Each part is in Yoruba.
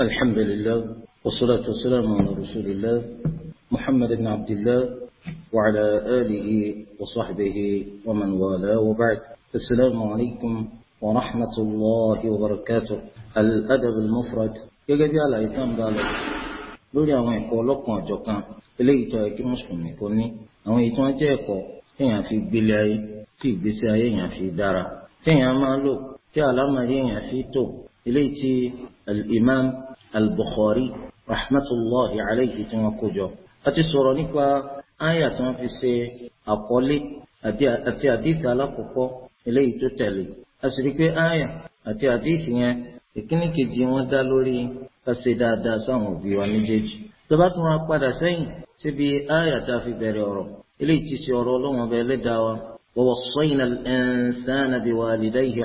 الحمد لله والصلاة والسلام على رسول الله محمد بن عبد الله وعلى آله وصحبه ومن والاه وبعد السلام عليكم ورحمة الله وبركاته الأدب المفرد يجب على إتام ذلك لولا ما يقول لكم أجوكا إلي تأكي مسلم يقولني أو إتام جيكو تيا في بلاي في بسايا في دارا تيا مالو تيا لما يين في توب إليتي الإمام البخاري رحمة الله عليه تنقجو أتي سورانيك آية تنفسي أقولي أتي أديث على قفو إليه تتالي أسرقي آية أتي أديث ìkíní kejì wọn dá lórí kásẹ dáadáa sáwọn òbí wa méjèèjì tọba tún wá padà sẹ́yìn síbi àyà tá a fi bẹ̀rẹ̀ ọ̀rọ̀ eléyìí ti ṣe ọ̀rọ̀ Ọlọ́run ọbẹ Ẹlẹ́dàá wa wa wassayna al-insana biwalidayhi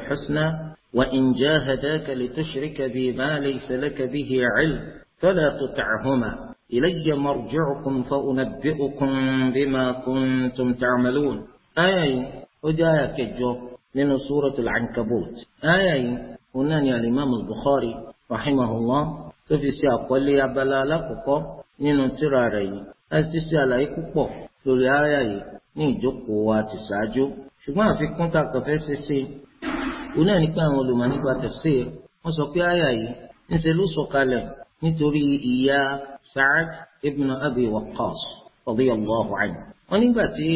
وإن جاهداك لتشرك بي ما ليس لك به علم فلا تطعهما إلي مرجعكم فأنبئكم بما كنتم تعملون آية أجاك كجو من سورة العنكبوت آية هنا الإمام البخاري رحمه الله سياق ولي أبلا لكم من تراري أستسي على إكوكو لولي آية نيجو قوات ساجو ما في كنت أكفر سي òun náà ní pé àwọn olùmọ̀ nípa tafsir wọ́n sọ pé àyà yìí ńṣe ló sọ̀kalẹ̀ nítorí ìyá Sa'ad ibn Abi Waqqas radiyallahu anhu. wọ́n nígbà tí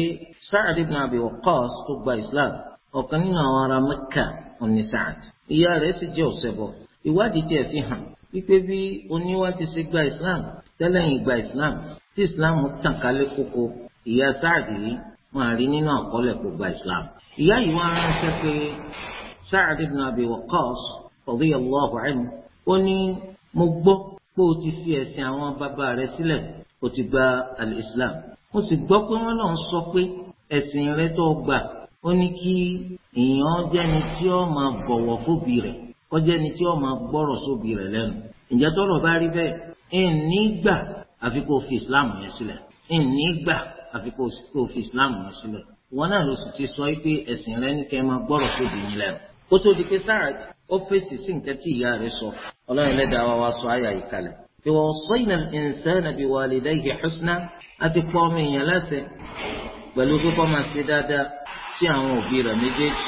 Sa'ad ibn Abi Waqqas tó gba Islam ọ̀kan nínú àwọn ará Mẹ́kà òní Sa'ad ìyá rẹ̀ sì jẹ́ ọ̀sẹ̀bọ̀ ìwádìí tiẹ̀ fi hàn wípé bí oníwá ti ṣe gba Islam tẹ́lẹ̀yìn gba Islam tí Islam tàn kálẹ̀ kókó ìyá Sa'ad yìí wọ́n àrí nínú àkọọ́lẹ̀ kó gba Islam ìyá yìí wọ́n aránṣẹ́ pé Sa'ad ibn Abi Waqqas radiyallahu anhu ó ní mo gbọ́ pé o ti fi ẹ̀sìn àwọn bàbá rẹ sílẹ̀ o ti gba al-Islam mo sì gbọ́ pé wọ́n lọ sọ pé ẹ̀sìn rẹ tó gbà ó ní kí èèyàn jẹ́ni tí ó máa bọ̀wọ̀ fóbi rẹ̀ kó jẹ́ni tí ó máa gbọ́rọ̀ sóbi rẹ̀ lẹ́nu ǹjẹ́ tọ́rọ̀ bá rí bẹ́ẹ̀ ìní gbà àfi kó fi Islam yẹn sílẹ̀ ìní gbà àfi kó fi Islam yẹn sílẹ̀ wọn náà ló sì ti sọ pé ẹ̀sìn rẹ ní kẹ́ máa gbọ́rọ̀ sóbi yín lẹ́nu kó tó di pé Sa'ad ó fèsì sí nǹkan tí ìyá rẹ̀ sọ ọlọ́run lẹ́dàá wa wá sọ àyà yìí kalẹ̀. ìwọ sọ́yìnà ìnsẹ́nà bí walidayhi husna á ti pọ́ ọmọ èèyàn láṣẹ pẹ̀lú pé kó máa ṣe dáadáa sí àwọn òbí rẹ̀ méjèèjì.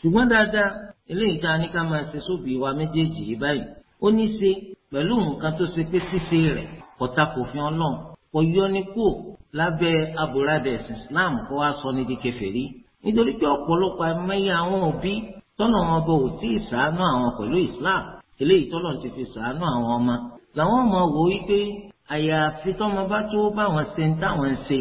ṣùgbọ́n dáadáa eléyìí tá a ní ká máa ṣe sóbì wa méjèèjì yìí báyìí ó ní ṣe pẹ̀lú nǹkan tó ṣe pé ṣíṣe rẹ̀ kọ̀tà kò fi nítorí pé ọ̀pọ̀lọpọ̀ ẹ̀mẹ́yẹ àwọn òbí tọ́nà wọn bò ó tí ì ṣàánú àwọn pẹ̀lú Islam eléyìí tọ́nà ti fi ṣàánú àwọn ọmọ làwọn ọmọ wò ó pé àyàfi tọ́mọ bá tó báwọn ṣe ń táwọn ń ṣe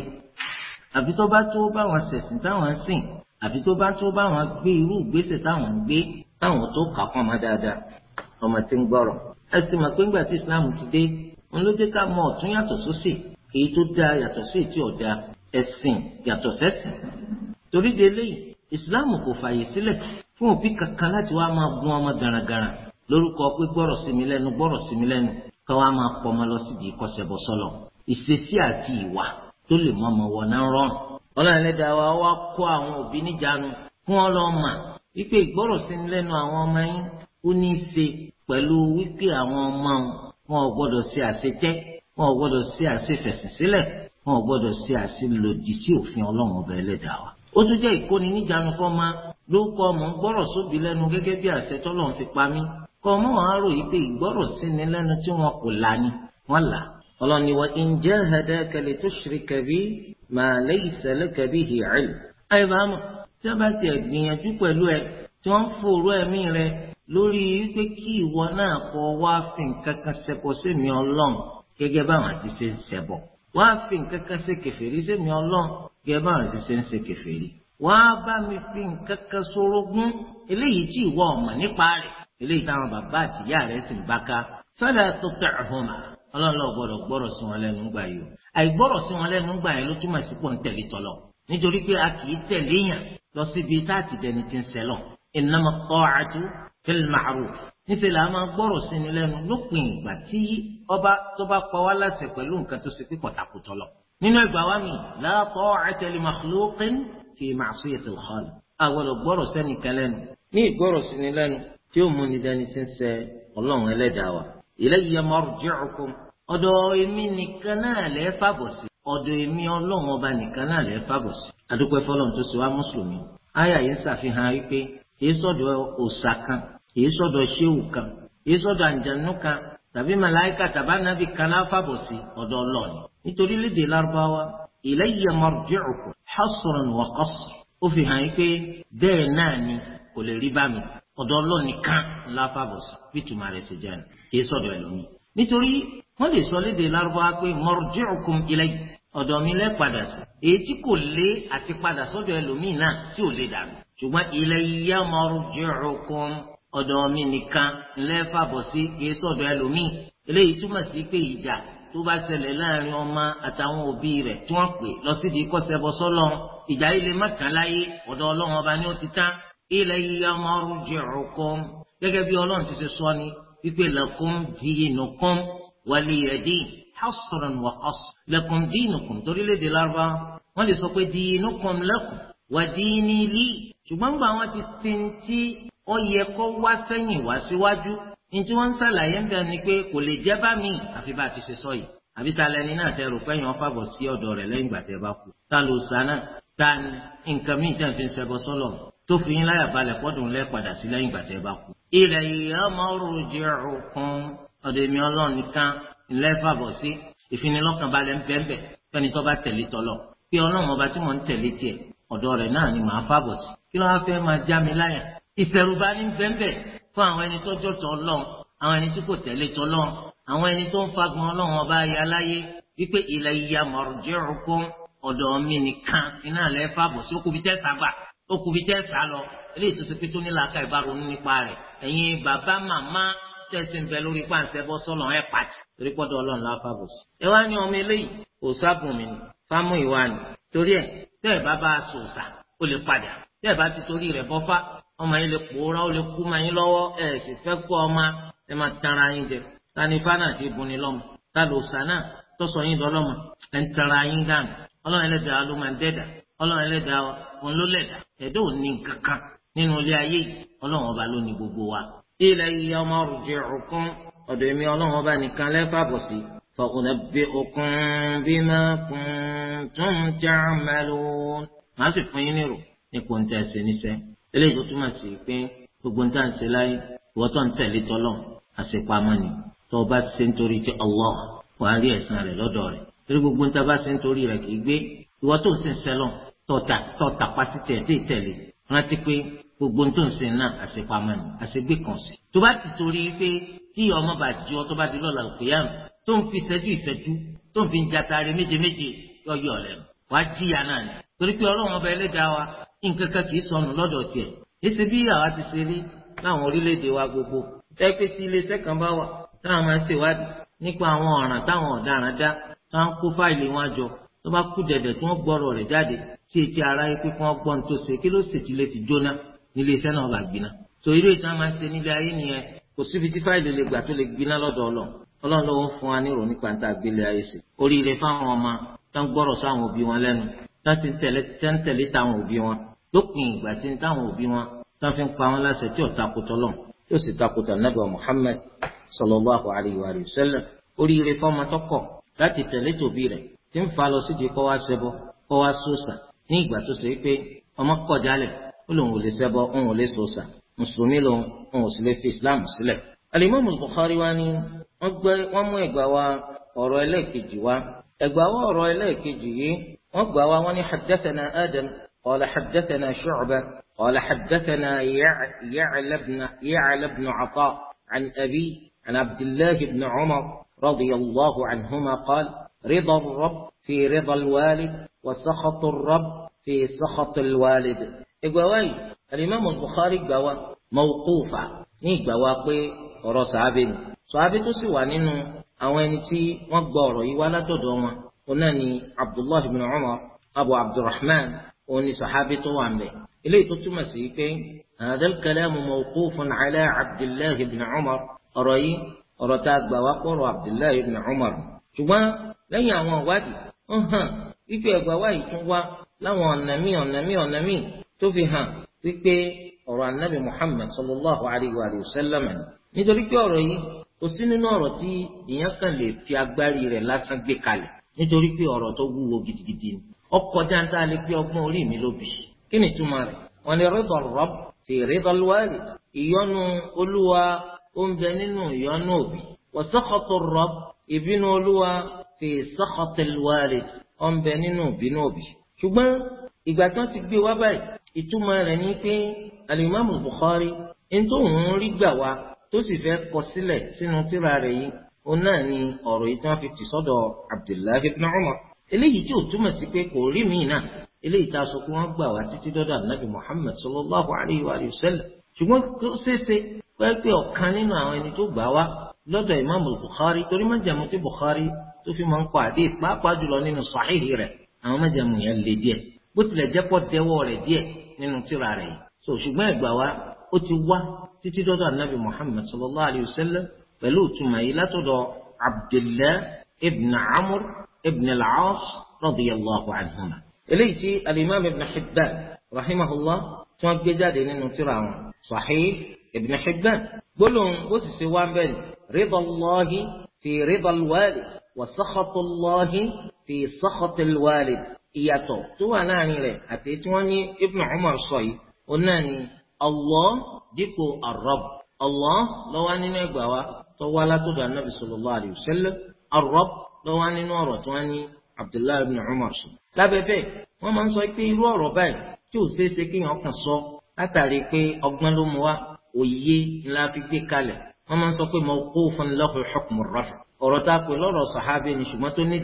àfi tó bá tó báwọn ṣẹ̀sìn táwọn ń sìn àfi tó bá tó báwọn gbé irú ìgbésẹ̀ táwọn ń gbé táwọn tó kà kọ́ ọmọ dáadáa ọmọ tí ń gbọ́rọ̀ ẹ sì mọ̀ pé ńgbà tí Islam ti dé ń ló dé ká mọ ọ̀tún yàtọ̀ sósì èyí tó dáa yàtọ̀ sí èyí tí ẹ̀sìn yàtọ̀ sẹ́sìn torí délé ìsìláàmù kò fààyè sílẹ̀ fún òbí kankan láti wá máa gun ọmọ garagara lórúkọ pé gbọ́rọ̀ sí mi lẹ́nu gbọ́rọ̀ sí mi lẹ́nu ká wá máa pọ̀ ọmọ lọ síbi ìkọsẹ̀bọ̀ sọlọ ìṣesí àti ìwà tó lè mọ ọmọ wọ̀nà rọrùn ọlọ́run wa wá kó àwọn òbí níjànú fún ọlọ́mà wípé ìgbọ́rọ̀ sí mi lẹ́nu àwọn ọmọ yín ó ní í ṣe pẹ̀lú wípé àwọn ọmọ wọn ò gbọ́dọ̀ ṣe àṣejẹ́ wọn ò gbọ́dọ̀ ṣe àṣefẹ̀sìn sílẹ̀ wọn ò gbọ́dọ̀ ṣe àṣelòdì sí òfin ọlọ́run ọba ẹlẹ́dàá wa ó tún jẹ́ ìkóni níjànú fọ́mà ló kọ́ ọmọ gbọ́rọ̀ sóbi lẹ́nu gẹ́gẹ́ bí àṣẹ tọ́lọ̀ ń fi pa mí kọ́ ọmọ wọn á rò yí pé ìgbọ́rọ̀ sí ni lẹ́nu tí wọn kò là ní wọn là ọlọ́ni wa in jahadaka li tushrika bi ma laysa laka bihi ilm. ayé bá mọ̀ tí wọ́n bá ti gbìyànjú pẹ̀lú ẹ tí wọ́n fòrò ẹ̀mí rẹ lórí wípé kí ìwọ náà kọ́ wá fi nǹkan kan ṣẹbọ gẹ́gẹ́ báwọn ṣe ṣe ń ṣe kèfèrí wàá bá mi fi nǹkan kan sorogún eléyìí tí ìwọ ọmọ nípa rẹ̀ eléyìí táwọn bàbá àtìyá rẹ̀ sì ń bá ká fala tuti'huma ọlọ́lọ́ gbọ́dọ̀ gbọ́rọ̀ sí wọn lẹ́nu gbà yìí o àìgbọ́rọ̀ sí wọn lẹ́nu gbà yìí ló túmọ̀ sí pọ̀ ń tẹ̀lé tọ̀lọ̀ nítorí pé a kì í tẹ̀lé yàn lọ síbi tá dẹni ti ń sẹ́lọ̀ innama ta'atu fil ma'ruf níṣẹ́ là máa gbọ́rọ̀ sí ni lẹ́nu lópin ìgbà tí ọba tó bá pa wá láṣẹ pẹ̀lú nǹkan tó ṣe pé kọ̀tàkùtọ̀ lọ nínú ẹgbà wa mi la ta'ata li makhluqin fi ma'siyati al-khaliq àgbọ̀dọ̀ gbọ́rọ̀ sẹ́ni kẹlẹ́nu ní ìgbọ́rọ̀ sẹ́ni lẹ́nu tí ó mú ni dání sí ń sẹ ọlọ́run ẹlẹ́dàá wa ilayya marji'ukum ọ̀dọ̀ èmi nìkan náà lẹ́ fàbọ̀ sí ọ̀dọ̀ èmi ọlọ́run ọba nìkan náà lẹ́ fàbọ̀ sí. adúpẹ́ fọlọ́n tó ṣe wá mùsùlùmí àyà nítorí lédè lárúbáwá ilayya marji'ukum hasran wa qasr ó fi hàn yín pé bẹ́ẹ̀ náà ni kò lè rí bá mi ọ̀dọ̀ ọlọ́nìkan láfàbọ̀sì bítùmá rẹ̀ ṣe jẹ́ ni kì í sọ̀dọ̀ ẹlòmíì nítorí wọ́n lè sọ lédè lárúbáwá pé marji'ukum ilayya ọ̀dọ̀ mi lẹ́ padà sí èyí tí kò lé àti padà sọ́dọ̀ ẹlòmíì náà tí ò lè dànù ṣùgbọ́n ilayya marji'ukum ọ̀dọ̀ mi nìkan lẹ́ fàbọ̀ sí kì í sọ̀dọ̀ ẹlòmíì eléyìí túmọ̀ sí pé ìjà tó bá ṣẹlẹ̀ láàrin ọmọ àtàwọn òbí rẹ̀ tí wọ́n pè lọ sí di kọ́sẹ́bọ sọ́lọ́ ìjà ilé mọ́kànláyé ọ̀dọ̀ ọlọ́run ọba ni ó ti tán ilẹ̀ yíyá ọmọọrùn jẹ ọ̀kan gẹ́gẹ́ bí ọlọ́run ti ṣe sọ ni wípé lakum dinukum waliya din hasran wa qasr lakum dinukum torílẹ̀-èdè lárúbá wọ́n lè sọ pé dinukum lakum wa dini li ṣùgbọ́n gbà wọ́n ti ti tí ó yẹ kó wá sẹ́yìn wá síwájú ntí wọ́n ń ń bẹ ni pé kò lè jẹ́ bá mi àfi bá a ti ṣe sọ yìí àbí ta lẹni náà tẹ rò pé èèyàn fàbọ̀ sí ọ̀dọ̀ rẹ̀ lẹ́yìn ìgbà tẹ bá kú ta ló sànà ta nǹkan míì tẹ̀ fi ń ṣẹbọ sọ́lọ̀ tó fi yín láyà balẹ̀ pọ́dùn lẹ́ padà sí lẹ́yìn ìgbà tẹ bá kú. ilẹ̀ ìyàmọ̀ rojẹ́ òkun ọ̀dọ̀ ọlọ́run nìkan ńlẹ́ fàbọ̀ sí ìfinilọ́kànbalẹ̀ ńbẹ́ńbẹ́ fẹ́ni tó bá tẹ̀lé tọ́lọ̀ pé ọlọ́run ọba ni màá fàbọ̀ sí kí ló wá fẹ́ máa fún àwọn ẹni tó jọ̀tọ̀ ọlọ́run àwọn ẹni tí kò tẹ̀lé tọlọ́run àwọn ẹni tó ń fagbọn ọlọ́run ọba ayé aláyé wípé ilayya marji'ukum ọ̀dọ̀ mi nìkan iná lẹ́ fàbọ̀ sí okùnbi tẹ́ sábà okùnbi tẹ́ sá lọ eléyìí tó ti pé tó ní làákà ìbáronú nípa rẹ̀ ẹ̀yin bàbá màmá tẹ̀sí ń bẹ lórí pàǹsẹ̀ bọ́ sọ́lọ̀ ẹ̀ pàtì torí pọ́dọ̀ ọlọ́run la fàbọ̀ sí. ẹ wá ní ọmọ eléyìí òòsà bùnmi ni fámú ìwà ni torí ẹ tẹ́ ẹ bá bá a sòòsà ó lè padà tẹ́ ẹ bá ti torí rẹ̀ bọ́fá ọmọ yín lè pòórá ó lè kú mọ yín lọ́wọ́ ẹ sì fẹ́ kó ọmọ ẹ máa tara yín jẹ Ta ni fana ti bunni lọ́mọ tani òsànà tọ́sọ̀ yín lọ́lọ́mọ ẹ ń tanra yín dànù ọlọ́run ẹlẹ́dàá ló máa ń dẹ́dà ọlọ́run ẹlẹ́dàá òun ló lẹ̀dà ẹ̀dá ò ní kankan nínú ilé ayé yìí ọlọ́run ọba ló ní gbogbo wa. ilẹ̀ iye ọmọ rùjẹ̀ òkun ọ̀dọ̀ èmi ọlọ́run ọba nìkan lẹ́fà bọ̀ sí fọkùnlẹ́bí òkun bímọ kùn eléyìí tó túmọ̀ sí pé gbogbo ń tà ń ṣe láyé ìwọ tó ń tẹ̀lé tọ́lọ̀ àṣepamọ́ ni tó o bá ṣe nítorí ti Allah wà á rí ẹ̀san rẹ̀ lọ́dọ̀ rẹ̀ torí gbogbo ń tà bá ṣe nítorí rẹ̀ kì í gbé ìwọ tó ń sìn sẹ́lọ̀ tọ̀tà tọ̀tà pásítẹ̀ tí ì tẹ̀lé rántí pé gbogbo ń tó ń sìn náà àṣepamọ́ ni àṣegbé kan sí. tó bá ti torí pé tí ọmọ bá jí ọ tó bá di lọ́la òkèèyàn torí pé ọlọ́run ọba ẹlẹ́dàá wa nǹkan kan kì í sọnù lọ́dọ̀ tiẹ̀ èsì bí àwa ti ṣe rí láwọn orílẹ̀-èdè wa gbogbo tẹ́pẹ́ tí iléeṣẹ́ kan bá wà táwọn máa ń ṣèwádìí nípa àwọn ọ̀ràn táwọn ọ̀daràn dá táwọn kó fáìlì wọn jọ tó bá kú dẹ̀dẹ̀ tí wọ́n gbọ́rọ̀ rẹ̀ jáde tí etí ara yẹ pé kí wọ́n gbọ́n tó ṣe kí ló sì ti lè ti jóná níléeṣẹ́ náà bá gbiná tó irú ìta máa ń ṣe nílé ayé nìyẹn kò síbi tí fáìlì lè gbà tó lè gbiná lọ́dọ̀ ọlọ́ ọlọ́run ló ń fún wa nírò nípa níta gbélé ayé sí oríire fáwọn ọmọ tó ń gbọ́rọ̀ sáwọn òbí wọn lẹ́nu láti tẹ̀lé tẹ́ńtẹ̀lé táwọn òbí wọn lópin ìgbà tí ń táwọn òbí wọn tó fi ń pa wọn láṣẹ tí ò takùtọ̀ lọ yóò sì takùtọ̀ nàbà Muhammad sallallahu alayhi wa sallam oríire fọmọ tọkọ láti tẹ̀lé tòbí rẹ̀ tí ń fa lọ sídìí kọ́ wá ṣẹbọ kọ́ wá sóòṣà ní ìgbà tó ṣe pé ọmọ kọ̀ jálẹ̀ ó lòun ò lè ṣẹbọ òun ò lè sóòṣà mùsùlùmí lòun ò sì lè fi Islam sílẹ̀. alimami Bukhari wa ni wọ́n mú ẹgbàá wa ọ̀rọ̀ ẹlẹ́ẹ̀kejì wa ẹgbàá wa ọ̀rọ̀ ẹlẹ́ẹ̀kejì yìí وقبوا واني حدثنا آدم قال حدثنا شعبة قال حدثنا يعلى بن, يعلى بن عطاء عن أبي عن عبد الله بن عمر رضي الله عنهما قال رضا الرب في رضا الوالد وسخط الرب في سخط الوالد إجواي الإمام البخاري جوا موقوفا نيجوا قي ورا sàábì ni sàábì tó sì wà nínú onani abdullahi bin umar abu abdulrahman oni sahabi tó wà mbẹ eléyìí tó túmọ̀ sí pé hadal kalamu mawqufun ala abdullahi bin umar ọ̀rọ̀ yìí ọ̀rọ̀ tá a gbà wá kọ̀rọ̀ abdullahi bin umar ṣùgbọ́n lẹ́yìn àwọn ìwádìí ó hàn wípé ẹgbàá wáyé tún wá láwọn ọ̀nà míì ọ̀nà tó fi hàn wípé ọ̀rọ̀ anabi muhammad sallallahu alayhi wa sallam nítorí pé ọ̀rọ̀ yìí kò sí nínú ọ̀rọ̀ tí ìyẹn kan lè fi agbárí rẹ̀ lásán gbé kalẹ̀ nítorí pé ọ̀rọ̀ tó wúwo gidigidi ni ọkọjá ń tá a lè pé ọgbọ́n orí mi ló bì í kí ni túmọ̀ rẹ̀ wọ́n ní rẹ́dọ̀ rọ́b fi rẹ́dọ̀ lùwárì ìyọ́nú olúwa ó ń bẹ nínú ìyọ́nú òbí wọ́n sọ́kọ̀tò rọ́b ìbínú olúwa fi sọ́kọ̀tò lùwárì ó ń bẹ nínú ìbínú òbí. ṣùgbọ́n ìgbà tán ti gbé wá báyìí ìtumọ̀ rẹ̀ ni pé alimami Bukhari ń tó ń rí gbà wá tó sì fẹ́ kọ sílẹ̀ sínú tíra rẹ̀ yìí òun náà ni ọ̀rọ̀ yìí tí wọ́n fi tì sọ́dọ̀ Abdullahi ibn Umar eléyìí tí ò túmọ̀ sí pé kò rí mi náà eléyìí tá a sọ pé wọ́n gbà wá títí dọ́dọ̀ Ànábì Muhammad sallallahu alayhi wa sallam ṣùgbọ́n tó ṣeéṣe pé ọ̀kan nínú àwọn ẹni tó gbà wá lọ́dọ̀ Imam Bukhari torí májàmú tí Bukhari tó fi máa ń kọ àdé pàápàá jùlọ nínú sàhíhì rẹ̀ àwọn májàmú yẹn le díẹ̀ bó tilẹ̀ jẹ́ pọ̀ dẹ́wọ́ rẹ̀ díẹ̀ nínú tírà rẹ̀ yìí ṣùgbọ́n ẹ̀gbà wa ó ti wá títí dọ́dọ̀ Ànábì Muhammad sallallahu alayhi wa sallam pẹ̀lú ìtumọ̀ yìí látọ̀dọ̀ abdullah ibn amur ibn al-aas radiyallahu anhuma. eléyìí tí alimami ibn hibban rahimahullah tí wọ́n gbé jáde nínú tírà wọn sahih ibn hibban gbólóhùn ó sì ṣe wá ń bẹ̀rẹ̀ ridha allahi fi ridha al-walid wa sakhatu allahi fi sakhati al-walid ìyàtọ̀ tó wà láàrin rẹ̀ àti tí wọ́n ní ibn umar sọ yìí ó náà ní allah dípò arab allah lọ́wọ́ nínú ẹgbàá wa tó wá látọ̀dọ̀ anábì sallallahu alayhi wa sallam ar-rabb ló wá nínú ọ̀rọ̀ tó wá ní abdullahi ibn umar sọ. lábẹ́fẹ́ wọ́n máa ń sọ pé irú ọ̀rọ̀ báyìí tí ò ṣeé ṣe kéèyàn kàn sọ látàrí pé ọgbọ́n ló mu wá òye ńlá fi gbé kalẹ̀ wọ́n máa ń sọ pé mawqufun lahu hukmu ar-raf' ọ̀rọ̀ tá a pè lọ́rọ̀ sàhábì ni ṣùgbọ́n tó ní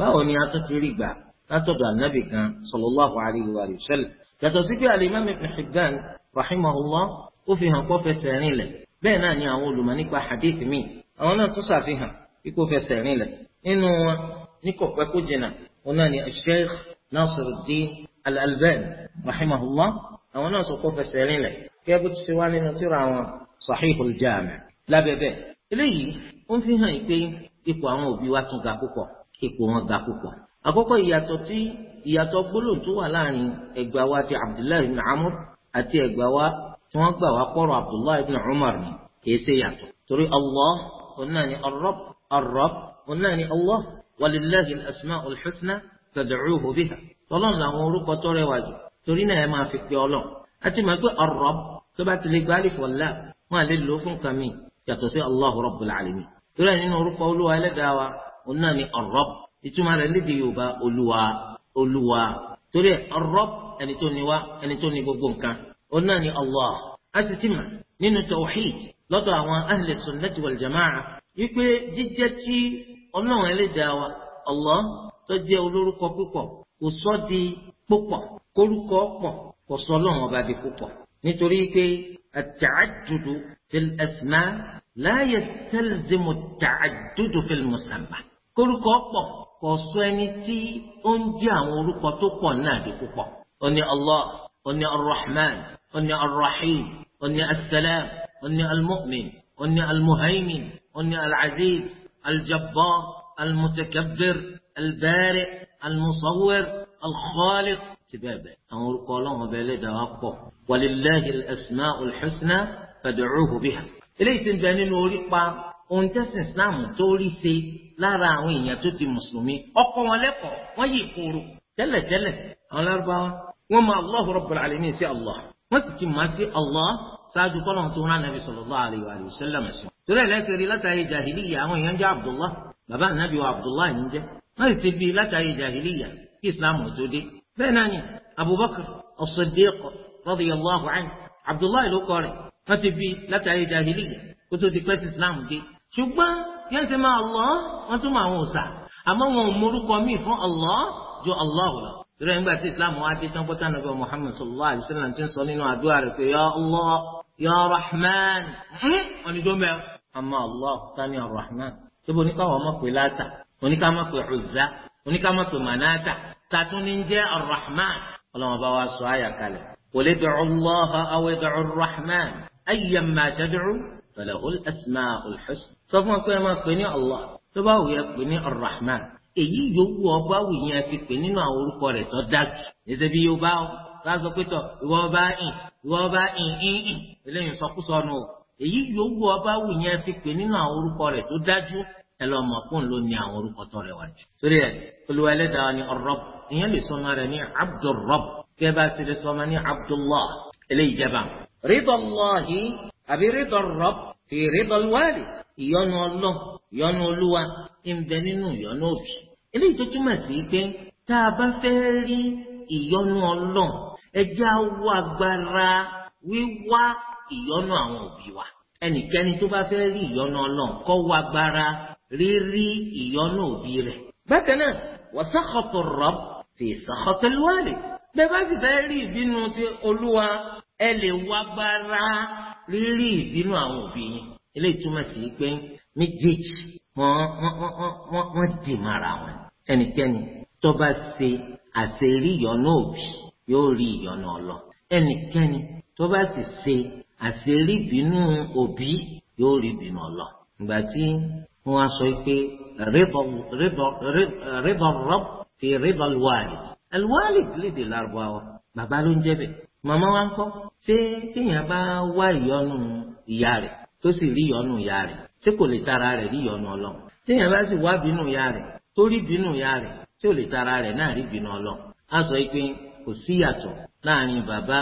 báwo ni a tún ti rí gbà látọ̀dọ̀ anábì gan sallallahu alayhi wa sallam yàtọ̀ sí pé al-imam ibn hibban rahimahullah ó fi hàn kó fẹsẹ̀ rìn lẹ̀ bẹ́ẹ̀ náà ni àwọn olùmọ̀ nípa hadith mi àwọn náà tún ṣàfihàn kíkó fẹsẹ̀ rìn lẹ̀ nínú wọn ní kọ̀pẹ́ kó jìnnà wọn náà ni sheikh nasiruddin al-albani rahimahullah àwọn náà sọ kó fẹsẹ̀ rìn lẹ̀ kẹ́ẹ́ bó ti ṣe wá nínú tírà wọn sahihul jami lábẹ́bẹ́ eléyìí ó fi hàn yìí pé ipò àwọn òbí wa tún ga púpọ̀ ipò wọn ga púpọ̀ àkọ́kọ́ ìyàtọ̀ tí ìyàtọ̀ gbólóhùn tó wà láàrin ẹgbàá wa ti abdullahi ibn amr àti ẹ̀gbà wa tí wọ́n gbà wá pọ̀rọ̀ abdullahi ibn umar ni kìí ṣe yàtọ̀ torí allah òun náà ni arab arab òun náà ni allah walillahi al-asmaa al-husna tad'uuhu biha tọ́lọ́n làwọn orúkọ tó rẹwà jù torí náà ẹ máa fi pe ọlọ́n àti màá pé arab tó bá ti lè gba wọn à lè lò fún kàmí yàtọ̀ sí allah rabbul alamin torí ẹ̀ orúkọ olúwa ẹlẹ́dàá wa òun arab ìtumọ̀ rẹ̀ lédè yorùbá olúwa olúwa torí arab ẹni tó ni wá ẹni tó ni gbogbo nǹkan òun náà ni Allah a sì ti mà nínú tawhid lọ́dọ̀ àwọn ahli sunnati wal jama'a wípé jíjẹ́ tí ọlọ́run ẹlẹ́dàá wa Allah tó jẹ́ olórúkọ púpọ̀ kò sọ di púpọ̀ kórúkọ pọ̀ kò sọ ọlọ́run ọba di púpọ̀ nítorí pé at-ta'addudu fil asma la yastalzimu at-ta'addudu kórúkọ pọ̀ kò sọ ẹni tí ó ń jẹ́ àwọn orúkọ tó pọ̀ náà di púpọ̀ oní allah oní arrahman oní arrahim oní asalam oní almu'min oní almuhaimin oní alaziz aljabbar almutakabir albari almusawir alkhaliq ti bẹ́ẹ̀ bẹ́ẹ̀. àwọn orúkọ ọlọ́run ọba ẹlẹ́dàá wa pọ̀ walillahi al-asma'ul husna fad'uuhu biha. eléyìí ti ń bẹ nínú orí pa ohun tẹ́sán islam tó rí ṣe lára àwọn èèyàn tó di mùsùlùmí ọkọ wọn lẹ́kọ̀ọ́ wọ́n yí ìkoro tẹ́lẹ̀tẹ́lẹ̀ àwọn lárúbáwá wọ́n mọ Allahu Rabbul Alamin sí Allah wọ́n sì ti mọ̀ sí Allah ṣáájú kọ́lọ́n tó rán nàbì sallallahu alaihi wa sallam sí. torí ẹ̀ lẹ́sẹ̀ rí látàrí jahiliya àwọn èèyàn jẹ́ Abdullah bàbá ànábì wa Abdullah ní jẹ́ wọ́n sì ti bí látàrí jahiliya kí Islam tó dé. bẹ́ẹ̀ náà ni Abubakar as-Siddiq radiyallahu anhu Abdullah ló kọ rẹ̀ wọ́n ti bí látàrí jahiliya kó tó ti pẹ́ sí Islam dé. ṣùgbọ́n yẹn ti torí ẹni gbà tí islam wá dé tán pátá nàbẹ muhammed sallallahu alayhi wa sallam ti ń sọ nínú àdúrà rẹ̀ pé ya allah ya rahman onídó mẹ àmọ allah tani rahman tóbi oníkàwọ ọmọ pé láta oníkàwọ pé ọzà oníkàwọ pé manata tàtúndì ń jẹ arahman ọlọ́wọ́n bá wa sọ àyà kalẹ̀ kò lè dùn allah awo dùn rahman ayé máa dàdúró fẹlẹ ol asmaa ol xus wa pé ẹ pè ní allah tó bá pè ní arahman èyí yòówù ọba wù yẹn ti pè nínú àwọn orúkọ rẹ̀ tó dájú èdè bí yorùbá o bá sọ pé tọ ìwọ ọba ìn ìwọ ọba ìn ìn ìn eléyìí sọkúsọ nù o èyí yòówù ọba wù yẹn ti pè nínú àwọn orúkọ rẹ̀ tó dájú ẹ lọ mọ̀ fún ló ní àwọn orúkọ tó rẹwà jù. torí ẹ olúwa ẹlẹ́dàá ni ọ̀rọ̀b ìyẹn lè sọmọ rẹ̀ ní abdulrọ̀b kẹ́ bá ti lè sọmọ ní abdullah ìyọnu ọlọ́ ìyọnu olúwa ń nínú ìyọnu òbí eléyìí tó túmọ̀ sí pé tá a bá fẹ́ rí ìyọ́nú ọlọ́run ẹ jẹ́ á wá agbára wíwá ìyọ́nú àwọn òbí wa ẹnikẹ́ni tó bá fẹ́ rí ìyọ́nú ọlọ́run kó wá agbára rírí ìyọ́nú òbí rẹ̀. bákan náà wa sakhatu rabb fi sakhatil walid bẹ́ẹ̀ bá sì fẹ́ rí ìbínú ti olúwa ẹ lè wá agbára rírí ìbínú àwọn òbí yín eléyìí túmọ̀ sí pé méjèèjì wọ́n dì mára wọn. ẹnikẹ́ni tó bá ṣe àṣírí ìyọ́nú òbí yóò rí ìyọ́nú ọlọ. ẹnikẹ́ni tó bá sì ṣe àṣírí ìbínú òbí yóò rí ìbínú ọlọ. ìgbà tí wọ́n á sọ pé rìbọ̀ rọ́b fi rìbọ̀ wàlì. àlùwàlì lédè lárúbáwá bàbá ló ń jẹ́ bẹ̀. màmá wa ń kọ́ ṣé kéèyàn bá wá ìyọ́nú ìyá rẹ̀ tó sì rí ìyọ́nú ìyá rẹ̀ ṣé kò lè tara rẹ̀ rí ìyọnu ọlọ́run téèyàn bá sì wá bínú ya rẹ̀ tó rí bínú ya rẹ̀ tí ò lè tara rẹ̀ náà rí bínú ọlọ́run á sọ pé kò sí yàtọ̀ láàrin bàbá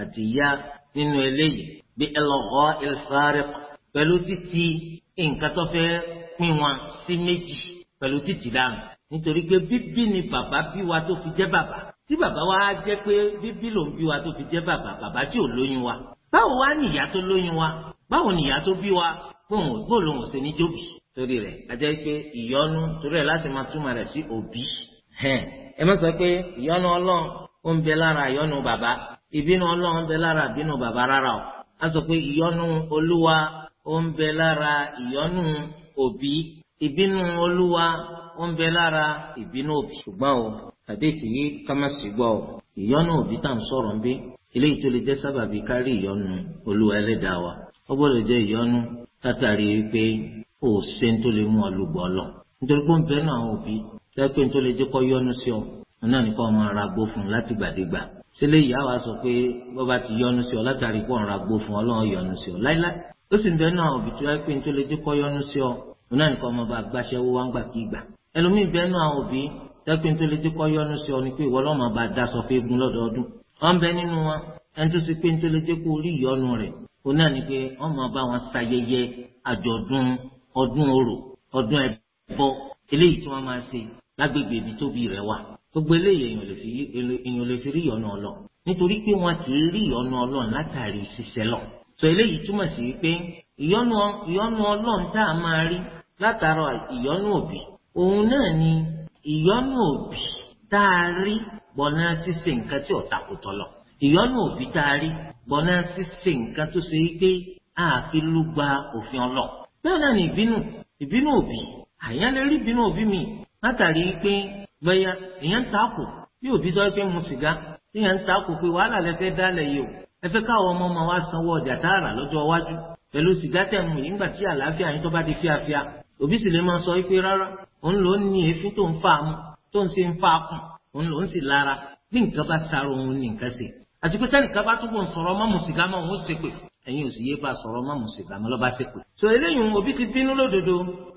àti ìyá nínú eléyìí bí ẹlọ́gọ́ ẹlẹ́sàárẹ̀ pẹ̀lú títí nǹkan tó fẹ́ pín wọn sí méjì pẹ̀lú títí dànù nítorí pé bíbí ni bàbá bí wa tó fi jẹ́ bàbá tí bàbá wa jẹ́ pé bíbí ló ń bí wa tó fi jẹ́ bàbá bàbá tí ò lóyún wa báwo wá ní tó lóyún wa báwo ní tó bí wa bóòlù òun ò ṣe ní jóbi torí rẹ ajẹ́ pé ìyọ́nú torí ẹ̀ láti máa túmọ̀ sí òbí ẹ má sọ pé ìyọ́nú ọlọ́run ó ń bẹ lára ìbínú ọlọ́run ń bẹ lára ìbínú bàbá rárá o a sọ pé ìyọ́nú olúwa ó ń bẹ lára òbí ìbínú olúwa ó ń bẹ ìbínú òbí ṣùgbọ́n o àdéhùn yìí ká má sì gbọ́ o ìyọ́nú òbí tá à ń sọ̀rọ̀ ń bí eléyìí tó lè jẹ́ sábàbí látàrí wípé o ò ṣe ń tó lè mú ọ lùgbọ́ lọ nítorí pé ń bẹ́ẹ̀ náà àwọn òbí jẹ́ pé ń tó lè jẹ́ kọ́ yọ́nú sí ọ náà ní kó ọmọ ara gbó fún un láti gbàdégbà sílẹ̀ ìyá wa sọ pé bọ́ba ti yọ́nú sí ọ látàrí pé ọ̀rọ̀ agbó fún ọlọ́run yọ́nú sí ọ láíláí ó sì ń bẹ́ẹ̀ náà òbí tó ń tó lè jẹ́ yọ́nú sí ọ náà ní ọmọ bá gbàṣẹ́ wó wá ń gbà kí gbà ẹlòmíì bẹ́ẹ̀ náà òbí ni pé ìwọ lọ́mọ bá daṣọ fún egun òun náà ni pé wọ́n máa bá wọn ṣayẹyẹ àjọ̀dún ọdún orò ọdún ẹbọ eléyìí tí wọ́n máa ṣe lágbègbè ibi tóbi rẹ̀ wà gbogbo eléyìí èèyàn lè fi rí ìyọnu ọlọ nítorí pé wọn kì í rí ìyọnu Ọlọ́run látàrí ṣiṣẹ́ lọ sọ eléyìí túmọ̀ sí pé ìyọnu Ọlọ́run tá a máa rí látara ìyọnu òbí òun náà ni ìyọnu òbí tá a rí bọ̀nà ṣíṣe nǹkan tí ọ̀tà lọ ìyọ́nú òbí tá a rí gbọ́nà ṣíṣe nǹkan tó ṣe é pé àfi ló gba òfin ọlọ. bẹ́ẹ̀ náà ni ìbínú ìbínú òbí àyàn lè rí ìbínú òbí mi látàrí pé bẹ́yà èèyàn ń takò bí òbí tó fẹ́ mu sìgá èèyàn ń takò pé wàhálà lẹ fẹ́ dálẹ̀ yìí o ẹ fẹ́ káwọn ọmọ ọmọ wa sanwó ọjà tààrà lọ́jọ́ iwájú pẹ̀lú sìgá tẹ̀ mú yìí ńgbà tí àlàáfíà yín tó bá di fíafíà òbí sì lè máa sọ wípé rárá òun ló ń ní èéfín tó ń fa amú tó ń ṣe ń fa akùn òun ló ń sì lára bí nǹkan bá sáré òun ní nǹkan ṣe àti pé sẹ́nìkan bá túbọ̀ sọ̀rọ̀ mọ́ mùsìgá mọ́ òun ó ṣe pé ẹ̀yin ò sì yé bá sọ̀rọ̀ mọ́ mùsìgá mọ́ lọ́ba ṣe pé. sọ eléyìí òbí ti bínú lódodo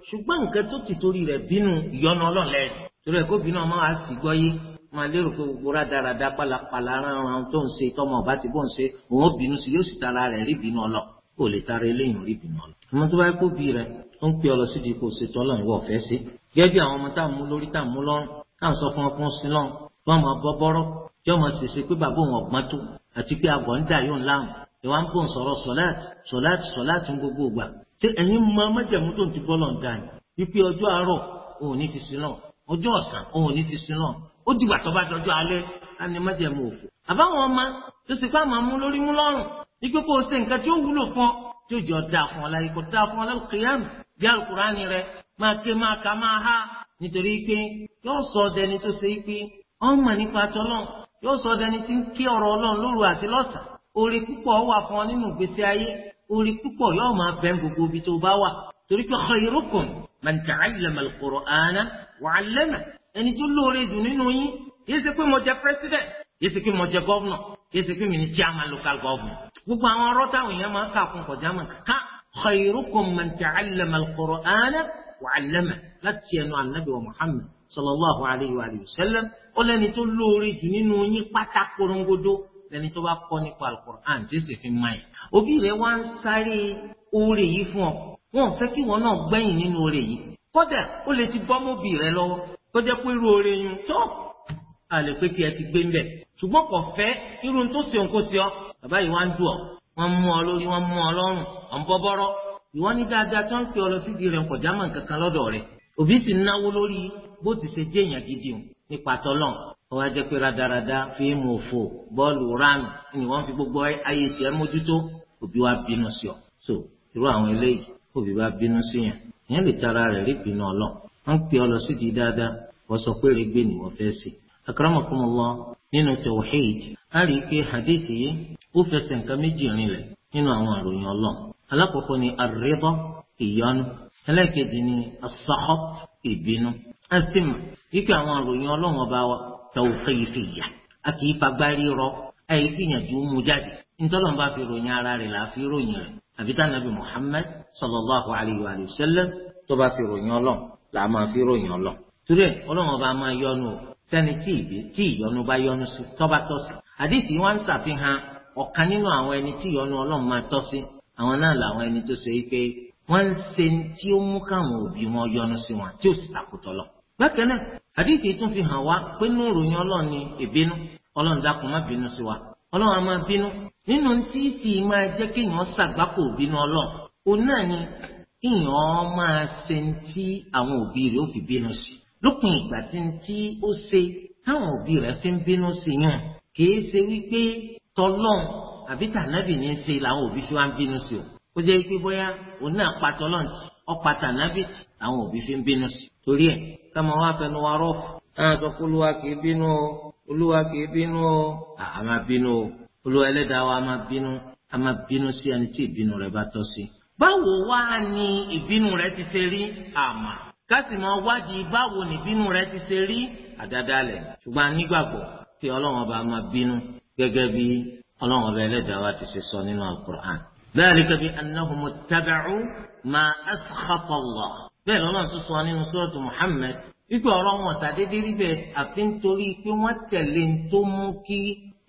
ṣùgbọ́n nǹkan tó ti torí rẹ̀ bínú ìyọnu ọlọ́ọ̀lẹ́ torí ẹ̀kọ́ bínú ọmọ wa sì gbọ́ yé máa lérò pé gbogbo rádaràda pálapàla ránran tó ń ṣe tọmọ ọba ti bó ń ṣe òun ó bínú sí yóò sì tara rẹ̀ rí bínú ọlọ kò lè tara eléyìí rí bínú ọlọ. ọmọ tó bá kó bí rẹ ó ń pè ọ lọ sí di kò ṣe ìwọ ọ̀fẹ́ sí. gẹ́gẹ́ bí àwọn ọmọ táwọn mú lórí táwọn mú lọ́rùn táwọn sọ fún ọkùnrin sí lọ́rùn wọ́n máa bọ́ bọ́rọ́ yóò mọ sèse pé bàbá òun ọ̀gbọ́n tó àti pé àgọ́ ń dà yóò ń láwọn ìwà ń bò ń sọ̀rọ̀ sọ̀láàtì sọ̀láàtì sọ̀láàtì ń gbogbo ògbà ṣé ẹ̀yin mọ mẹ́jẹ̀mú tó ń ti bọ́ lọ́n dání wípé ọjọ́ àárọ̀ òun ní ti sin náà ọjọ́ ọ̀sán òun ní ti sin náà ó dìgbà tó bá dọjọ́ alẹ́ á ní mẹ́jẹ̀mú òfò. àbáwọn ọmọ tó ti pa àmọ́ mú lórí mú lọ́rùn wípé kó o ṣe nǹkan tí ó wúlò fún ọ tí ó jọ da fún yóò sọ dẹni tí ń kí ọ̀rọ̀ Ọlọ́run lóru àti lọ́sàn orí púpọ̀ wà fún ọ nínú ìgbésí ayé orí púpọ̀ yóò máa bẹ gbogbo ibi tó bá wà torí pé khayrukum man ta'allama al-Qur'ana wa 'allama ẹni tó lóore jù nínú yín yìí ṣe pé mo jẹ president yìí ṣe pé mo jẹ governor yìí ṣe pé mi ní chairman local government gbogbo àwọn ọ̀rọ̀ táwọn èèyàn máa ń kà fún kọjá mọ ká khayrukum man ta'allama al-Qur'ana wa 'allama láti ẹnu anabi wa Muhammad sallallahu alayhi wa sallam ó lẹ́ni tó lóore jù nínú yín pátá korongodo lẹ́ni tó bá kọ́ nípa alukur'an tí ó sì fi máa yìí òbí rẹ̀ wá ń sáré oore yìí fún ọ wọn fẹ́ kí wọn náà gbẹ̀yìn nínú oore yìí kódà ó lè ti bọ́ mọ́bì rẹ̀ lọ́wọ́ tó jẹ́ pé irú oore yìí tó a lè pé kí ẹ ti gbé ń bẹ̀ ṣùgbọ́n kò fẹ́ irú tó ṣe òun ṣe ọ bàbá yìí wá ń dùn ọ wọ́n mú ọ lórí wọ́n mú ọ lọ́rùn ọ bọ́ bọ́rọ́ ìwọ ní dáadáa tó ń pè ọ lọ sídìí rẹ̀ kọjá mọ́ nǹkan kan lọ́dọ̀ rẹ̀ òbí sì náwó lórí bó ti ṣe jẹ́yàn gidi o nípa tọ́lọ̀ ó wá jẹ́ pé rádaràda fíìmù òfò bọ́ọ̀lù ránù ni wọ́n fi gbogbo ayé tiẹ̀ mójútó òbí wa bínú sí ọ so irú àwọn eléyìí òbí wa bínú sí yàn èèyàn lè tara rẹ̀ rí bínú ọlọ wọ́n pè ọ lọ sídìí dáadáa wọ́n sọ pé rẹ gbé ni wọ́n fẹ́ sí akramakumullah nínú tawhid a rí i pé hadith yìí ó fẹsẹ̀ nǹkan méjì rinlẹ̀ nínú àwọn àròyìn ọlọ́ọ̀ alákọ̀ọ́kọ́ ni ar ìyọnu ẹlẹ́ẹ̀kejì ni as ìbínú á sì mọ̀ wípé àwọn àròyìn ọlọ́run ọba wa tawqifiyyah a kì í fagbárí rọ àyè gbìyànjú mú jáde ntọ́lọ́n bá fi ròyìn ara rẹ̀ láàfi ròyìn rẹ̀ àbí tá nàbì Muhammad sallallahu alayhi wa sallam tó bá fi ròyìn ọlọ́run làá máa fi ròyìn ọlọ́run torí ẹ̀ ọlọ́run ọba máa yọ́nú o sẹ́ni tí ìdí tí ìyọ́nú bá yọ́nú sí tọ́ba tọ́ sí àdéhìí wọn ń ṣàfihàn ọ̀kan nínú àwọn ẹni tí ìyọ́nú ọlọ́run máa tọ́ sí àwọn náà làwọn ẹni tó ṣe é pé wọ́n ń ṣe tí ó mú káwọn òbí wọn yọ́nú sí wọn tí ó sì takùtọ̀ lọ bákan náà àdìsí tún fi hàn wá pé nínú ìròyìn ọlọ́run ni ìbínú ọlọ́run dákun má bínú sí wa ọlọ́run á máa bínú nínú tí sì máa jẹ́ kéèyàn ṣàgbákò bínú ọlọ́run òun náà ni kéèyàn máa ṣe ń tí àwọn òbí rẹ̀ ó fi bínú sí lópin ìgbà tí ń tí ó ṣe táwọn òbí rẹ̀ fi ń bínú sí yàn kìí ṣe wípé tọlọ́n àbí tànábì ní í ṣe làwọn òbí fi wá ń bínú sí o ó jẹ́ pé bóyá òun náà pa tọlọ́n ọ̀pá tànábì àwọn òbí fi ń bínú sí torí ẹ̀ káma wá fẹnu wa rọ́ọ̀fù náà sọ pé olúwa kìí bínú o olúwa kìí bínú o a máa bínú o olúwa ẹlẹ́dàá wa a máa bínú a máa bínú sí ẹni tí ìbínú rẹ̀ bá tọ́ sí. báwo wá ni ìbínú rẹ̀ ti ṣe rí àmà káàsì máa wádìí báwo ni ìbínú rẹ̀ ti ṣe rí àdádálẹ̀ ṣùgbọ́n nígbàgbọ́ pé ọlọ́run ọba máa bínú gẹ́gẹ́ bí ọlọ́run ọba ẹlẹ́dàá wa ti ṣe sọ nínú alukur'an. ذلك بأنهم اتبعوا ما أسخط الله bẹ́ẹ̀ lọ́nà tó sọ nínú sọ́ọ̀tù Muhammad wípé ọ̀rọ̀ wọn tàdédé rí bẹ́ẹ̀ àfi nítorí pé wọ́n tẹ̀lé ń tó mú kí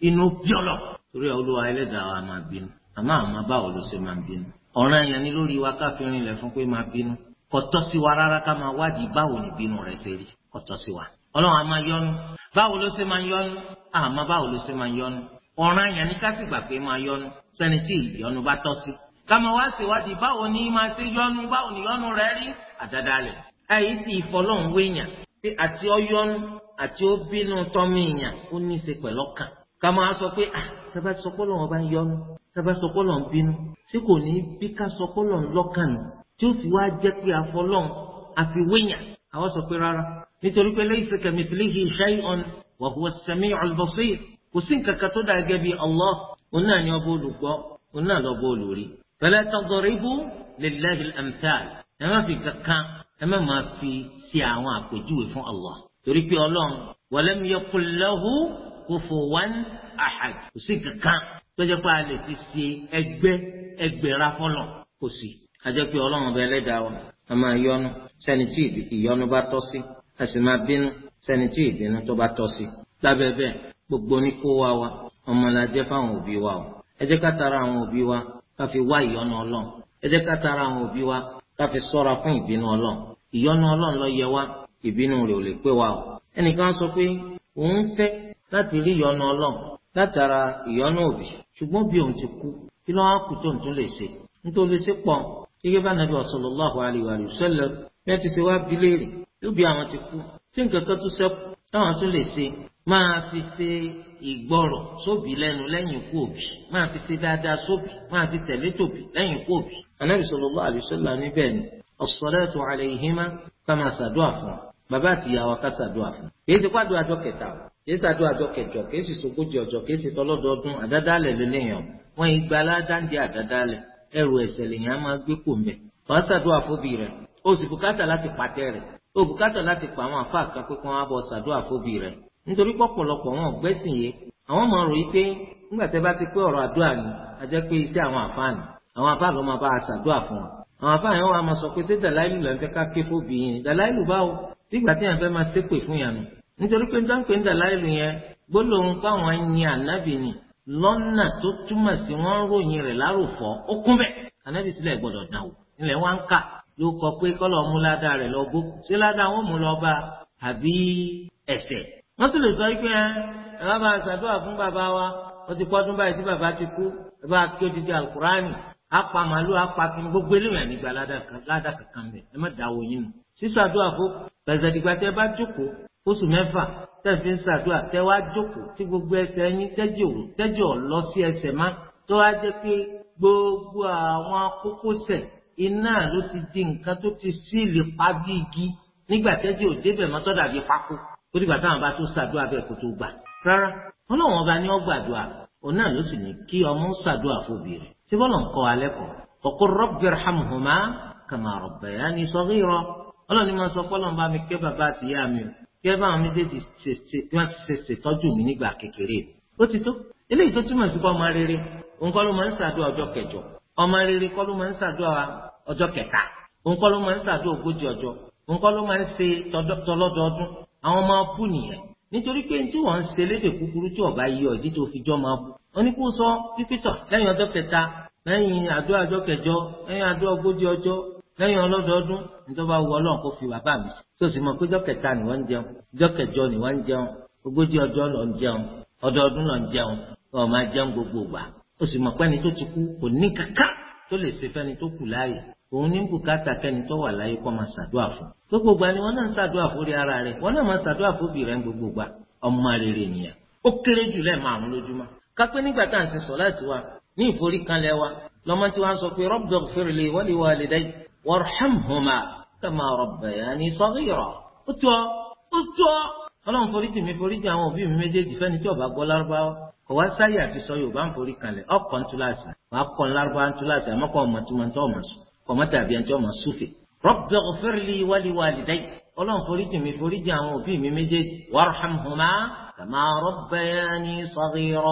inú bíọ́lọ̀. torí olúwa ẹlẹ́dàá wa máa bínú àmọ́ àwọn báwo ló ṣe máa bínú. ọ̀ràn èèyàn ni lórí wa ká fi rinlẹ̀ fún pé máa bínú kò tọ́ sí wa rárá ká máa wádìí báwo ni bínú rẹ̀ ṣe rí kò tọ́ sí wa. ọlọ́run a máa yọnu báwo ló ṣe máa yọnu Kama wá ṣèwádìí báwo ni máa ṣe yọnu báwo ni yọnu rẹ rí àdádálẹ̀. àyè sì ìfọlọ́hún wéèyàn àti ọyọnu àti ó bínú ó ní í ṣe pẹ̀lọ́kàn. káma wá sọ pé ah sábà sọpọ́lọ̀ wọn bá ń yọnu sábà sọpọ́lọ̀ ń bínú tí kò ní bí ká sọpọ́lọ̀ ń lọ́kàn nù tí ó fi wá jẹ́ pé àfọlọ́hún àfi wéèyàn àwọn sọ pé rárá nítorí pé laysa kamithlihi shay'un Allah òun náà ni ọba فلا تضربوا لله الأمثال ẹ má fi kankan ẹ má máa fi ṣe àwọn àpèjúwe fún Allah torí pé ọlọ́run walam yakul lahu kufuwan ahad kò sí kankan tọ́jà pé a lè fi ṣe ẹgbẹ́ ẹgbẹ̀rà fọlọ̀ kò sí. ajẹ́ pé ọlọ́run ọba ẹlẹ́dàá wa a máa yọnu sẹ́ni tí ìyọnu bá tọ́ sí a sì máa bínú sẹ́ni tí ìbínú tó bá tọ́ sí. lábẹ́ bẹ́ẹ̀ gbogbo oníkó wa wa ọmọ fáwọn òbí wa o ẹ jẹ́ ká tara àwọn òbí wa ká fi wá ìyọ́nú ọlọ́run ẹ ká tara àwọn òbí wa ká fi sọ́ra fún ìbínú ọlọ́run ìyọ́nú ọlọ́run ló yẹ wá ìbínú rẹ̀ ò lè pé wa o ẹnìkan sọ pé òun fẹ́ láti rí ìyọ́nú ọlọ́run látara ìyọ́nú òbí ṣùgbọ́n bí òun ti kú kí ló wá kù tó ń tún lè ṣe nítorí sí pọ̀ gẹ́gẹ́ bá nàbí sallallahu alaihi wa sallam bẹ́ẹ̀ ti ṣe wá bilé rè lóbi máa fi ṣe ìgbọrọ sóbì lẹnu lẹ́yìn ikú òbí máa fi ṣe dáadáa sóbì máa fi tẹ̀lé tòbí lẹ́yìn ikú òbí. anabi sallallahu níbẹ̀ ni as-salatu alayhima ká máa ṣàdúrà fún bàbá àti ìyàwó ká ṣàdúrà fún wa. kìí ṣe kwado àjọ kẹta o kìí ṣe àjọ kẹjọ kìí ṣe sogójì kìí ṣe tọlọdọọdún àdádálẹ lélẹyìn wọn ìgbà àdádálẹ nítorí pọ̀pọ̀lọpọ̀ wọn gbẹ́sìn yé àwọn máa rò yí pé nígbà tẹ́ bá ti pé ọ̀rọ̀ àdúrà ni a jẹ́ pé iṣẹ́ àwọn àfáàní àwọn àfáàní ló máa bá a ṣàdúrà fún wa àwọn àfáàní wọn máa sọ pé ṣé dàláìlù lẹ́ ń fẹ́ ká ké fóbi yẹn dàláìlù báwo nígbà tí yẹn fẹ́ máa ṣépè fún yẹn nù nítorí pé nígbà pé dàláìlù yẹn gbólóhùn káwọn yin ànábì ni lọ́nà tó túmọ̀ sí wọ́n ròyìn rẹ̀ láròfọ́ ó kún bẹ́ẹ̀ ànábì sílẹ̀ gbọ́dọ̀ dàn wọ́n tún lè sọ pé ẹ ẹ bá máa ṣàdúrà fún bàbá wa wọ́n ti pọ́dún báyìí tí bàbá ti kú ẹ bá kí odidi alukurani apá màálù apá kí gbogbo eléyàn nígbà ládà kankan bẹ̀ ẹ má dáwọ́ yín nù sísàdúrà fún pẹ̀sẹ̀dìgbà tẹ bá jókòó oṣù mẹ́fà tẹ̀ fi ń ṣàdúrà tẹ wá jókòó tí gbogbo ẹsẹ̀ yín tẹ́jì ò lọ sí ẹsẹ̀ má tó wá jẹ́ pé gbogbo àwọn kókósẹ̀ iná ló ti di nǹkan tó ti sílì pa bí igi nígbà tẹ́jì ò débẹ̀ mọ́tọ́ dàbí pákó ó dìgbà táwọn bá tó ṣàdúrà bẹ́ẹ̀ kó tó gbà rárá ọlọ́run ọba ni ó gbàdúrà òun náà ló sì ní kí ọmọ ṣàdúrà fòbí ṣé bọ́lọ̀ ń kọ́ alẹ́ kọ́ ọ̀kọ́ rabbi irhamhuma kama rabbayani saghira ọlọ́run ni mo sọ pé ọlọ́run bá mi kẹ́ bàbá àti ìyá mi o kí ẹ bá àwọn méjèèjì ṣe ṣètọ́jú mi nígbà kékeré mi ó ti tó eléyìí tó túmọ̀ sí pé ọmọ rere òun kọ́ ló máa ń ṣàdúrà ọjọ́ àwọn ọmọ kú nìyẹn nítorí pé tí wọ́n ń ṣe lédè kúkúrú tí ọba yí ọdí tó fi jọ́ máa bú wọn ní kó sọ pípítọ̀ lẹ́yìn ọjọ́ kẹta lẹ́yìn àdúrà ọjọ́ kẹjọ lẹ́yìn àdúrà ogójì ọjọ́ lẹ́yìn ọlọ́dọọdún níjọba wọ ọlọ́run kó fi bàbá mi tó sì mọ pé ọjọ́ kẹta ni wọ́n ń jẹun ọjọ́ kẹjọ ni wọ́n ń jẹun ogójì ọjọ́ lọ ń jẹun ọdọọdún lọ ń jẹun wọn máa jẹun gbogbo ìgbà ó sì mọ pé ẹni tó ti kú kò ní kankan tó lè ṣe fẹ́ni tó kù láàyè òun ní bùkátà kẹ́ni tó wà láyé kó máa ṣàdúrà fún gbogbo gba ni wọn náà ń ṣàdúrà fórí ara rẹ wọn náà máa ń ṣàdúrà fóbi rẹ gbogbo gba ọmọ rere nìyẹn ó kéré jù lẹ́ẹ̀ márùn lójúmọ́ kápẹ́ nígbà tá à ń ṣe sọ̀láàtì wa ní ìforíkanlẹ̀ wa lọ́mọ tí wọ́n sọ pé rabbighfir li wa li walidayya warhamhuma kama rabbayani saghira ó tó ó tó ọlọ́run foríjì mi foríjì àwọn òbí mi méjèèjì fẹ́ni tí ọba gbọ́ lárúbáwá kò wá sáyè àti sọ yorùbá ń forí kanlẹ̀ ọkọ̀ ntúláàsì wàá kọ́ ńlárúbáwá ntúláàsì àmọ́ kọ́ ọmọ tí wọ́n ń tọ́ ọmọ sùn kọ́ ọmọ tàbí ẹni tí ọmọ sùfè Rabbi ghfirli wa li walidayya ọlọ́run foríjì mi foríjì àwọn òbí mi méjèèjì warhamhuma kama rabbayani saghira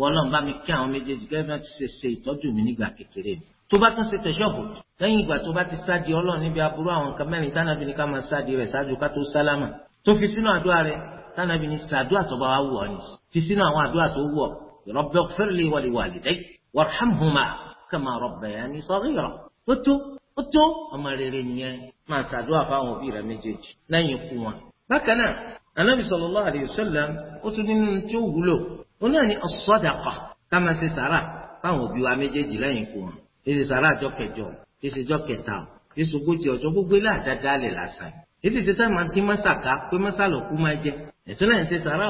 wọ́lọ́n bá mi kí àwọn méjèèjì gẹ́gẹ́ bá ti ṣe ṣe ìtọ́jú mi nígbà kékeré mi. tó bá tún ṣe tẹ̀sọ́ọ̀bù lẹ́yìn ìgbà tó bá ti sáàdì ọlọ́run níbi aburú àwọn nǹkan mẹ́rin tánàbí ni ká máa sáàdì rẹ̀ ṣáájú ká tó sálámà tó fi sínú àdúrà rẹ̀ tánàbí ni sàdúrà tó bá wà wù ọ́ ni fi sínú àwọn àdúrà tó wù ọ́ rabbighfirli wa liwalidayya warhamhuma kama rabbayani saghira ó tó ọmọ rere nìyẹn máa ṣàdúrà fáwọn òbí rẹ méjèèjì lẹ́yìn ikú wọn. bákan náà anabi sallallahu alayhi wa sallam ó tún nínú tí ó wúlò ó náà ní as-sadaqa ká máa ṣe sàrà fáwọn òbí wa méjèèjì lẹ́yìn ikú wọn èsì sàrà àjọ kẹjọ èsì ìjọ kẹta èsì ogójì ọjọ́ gbogbo ilé àdáda lè lásán èsì títà máa dín mọ́sàká pé mọ́sàlọ́kú máa jẹ ẹ̀tún náà ń ṣe sàrà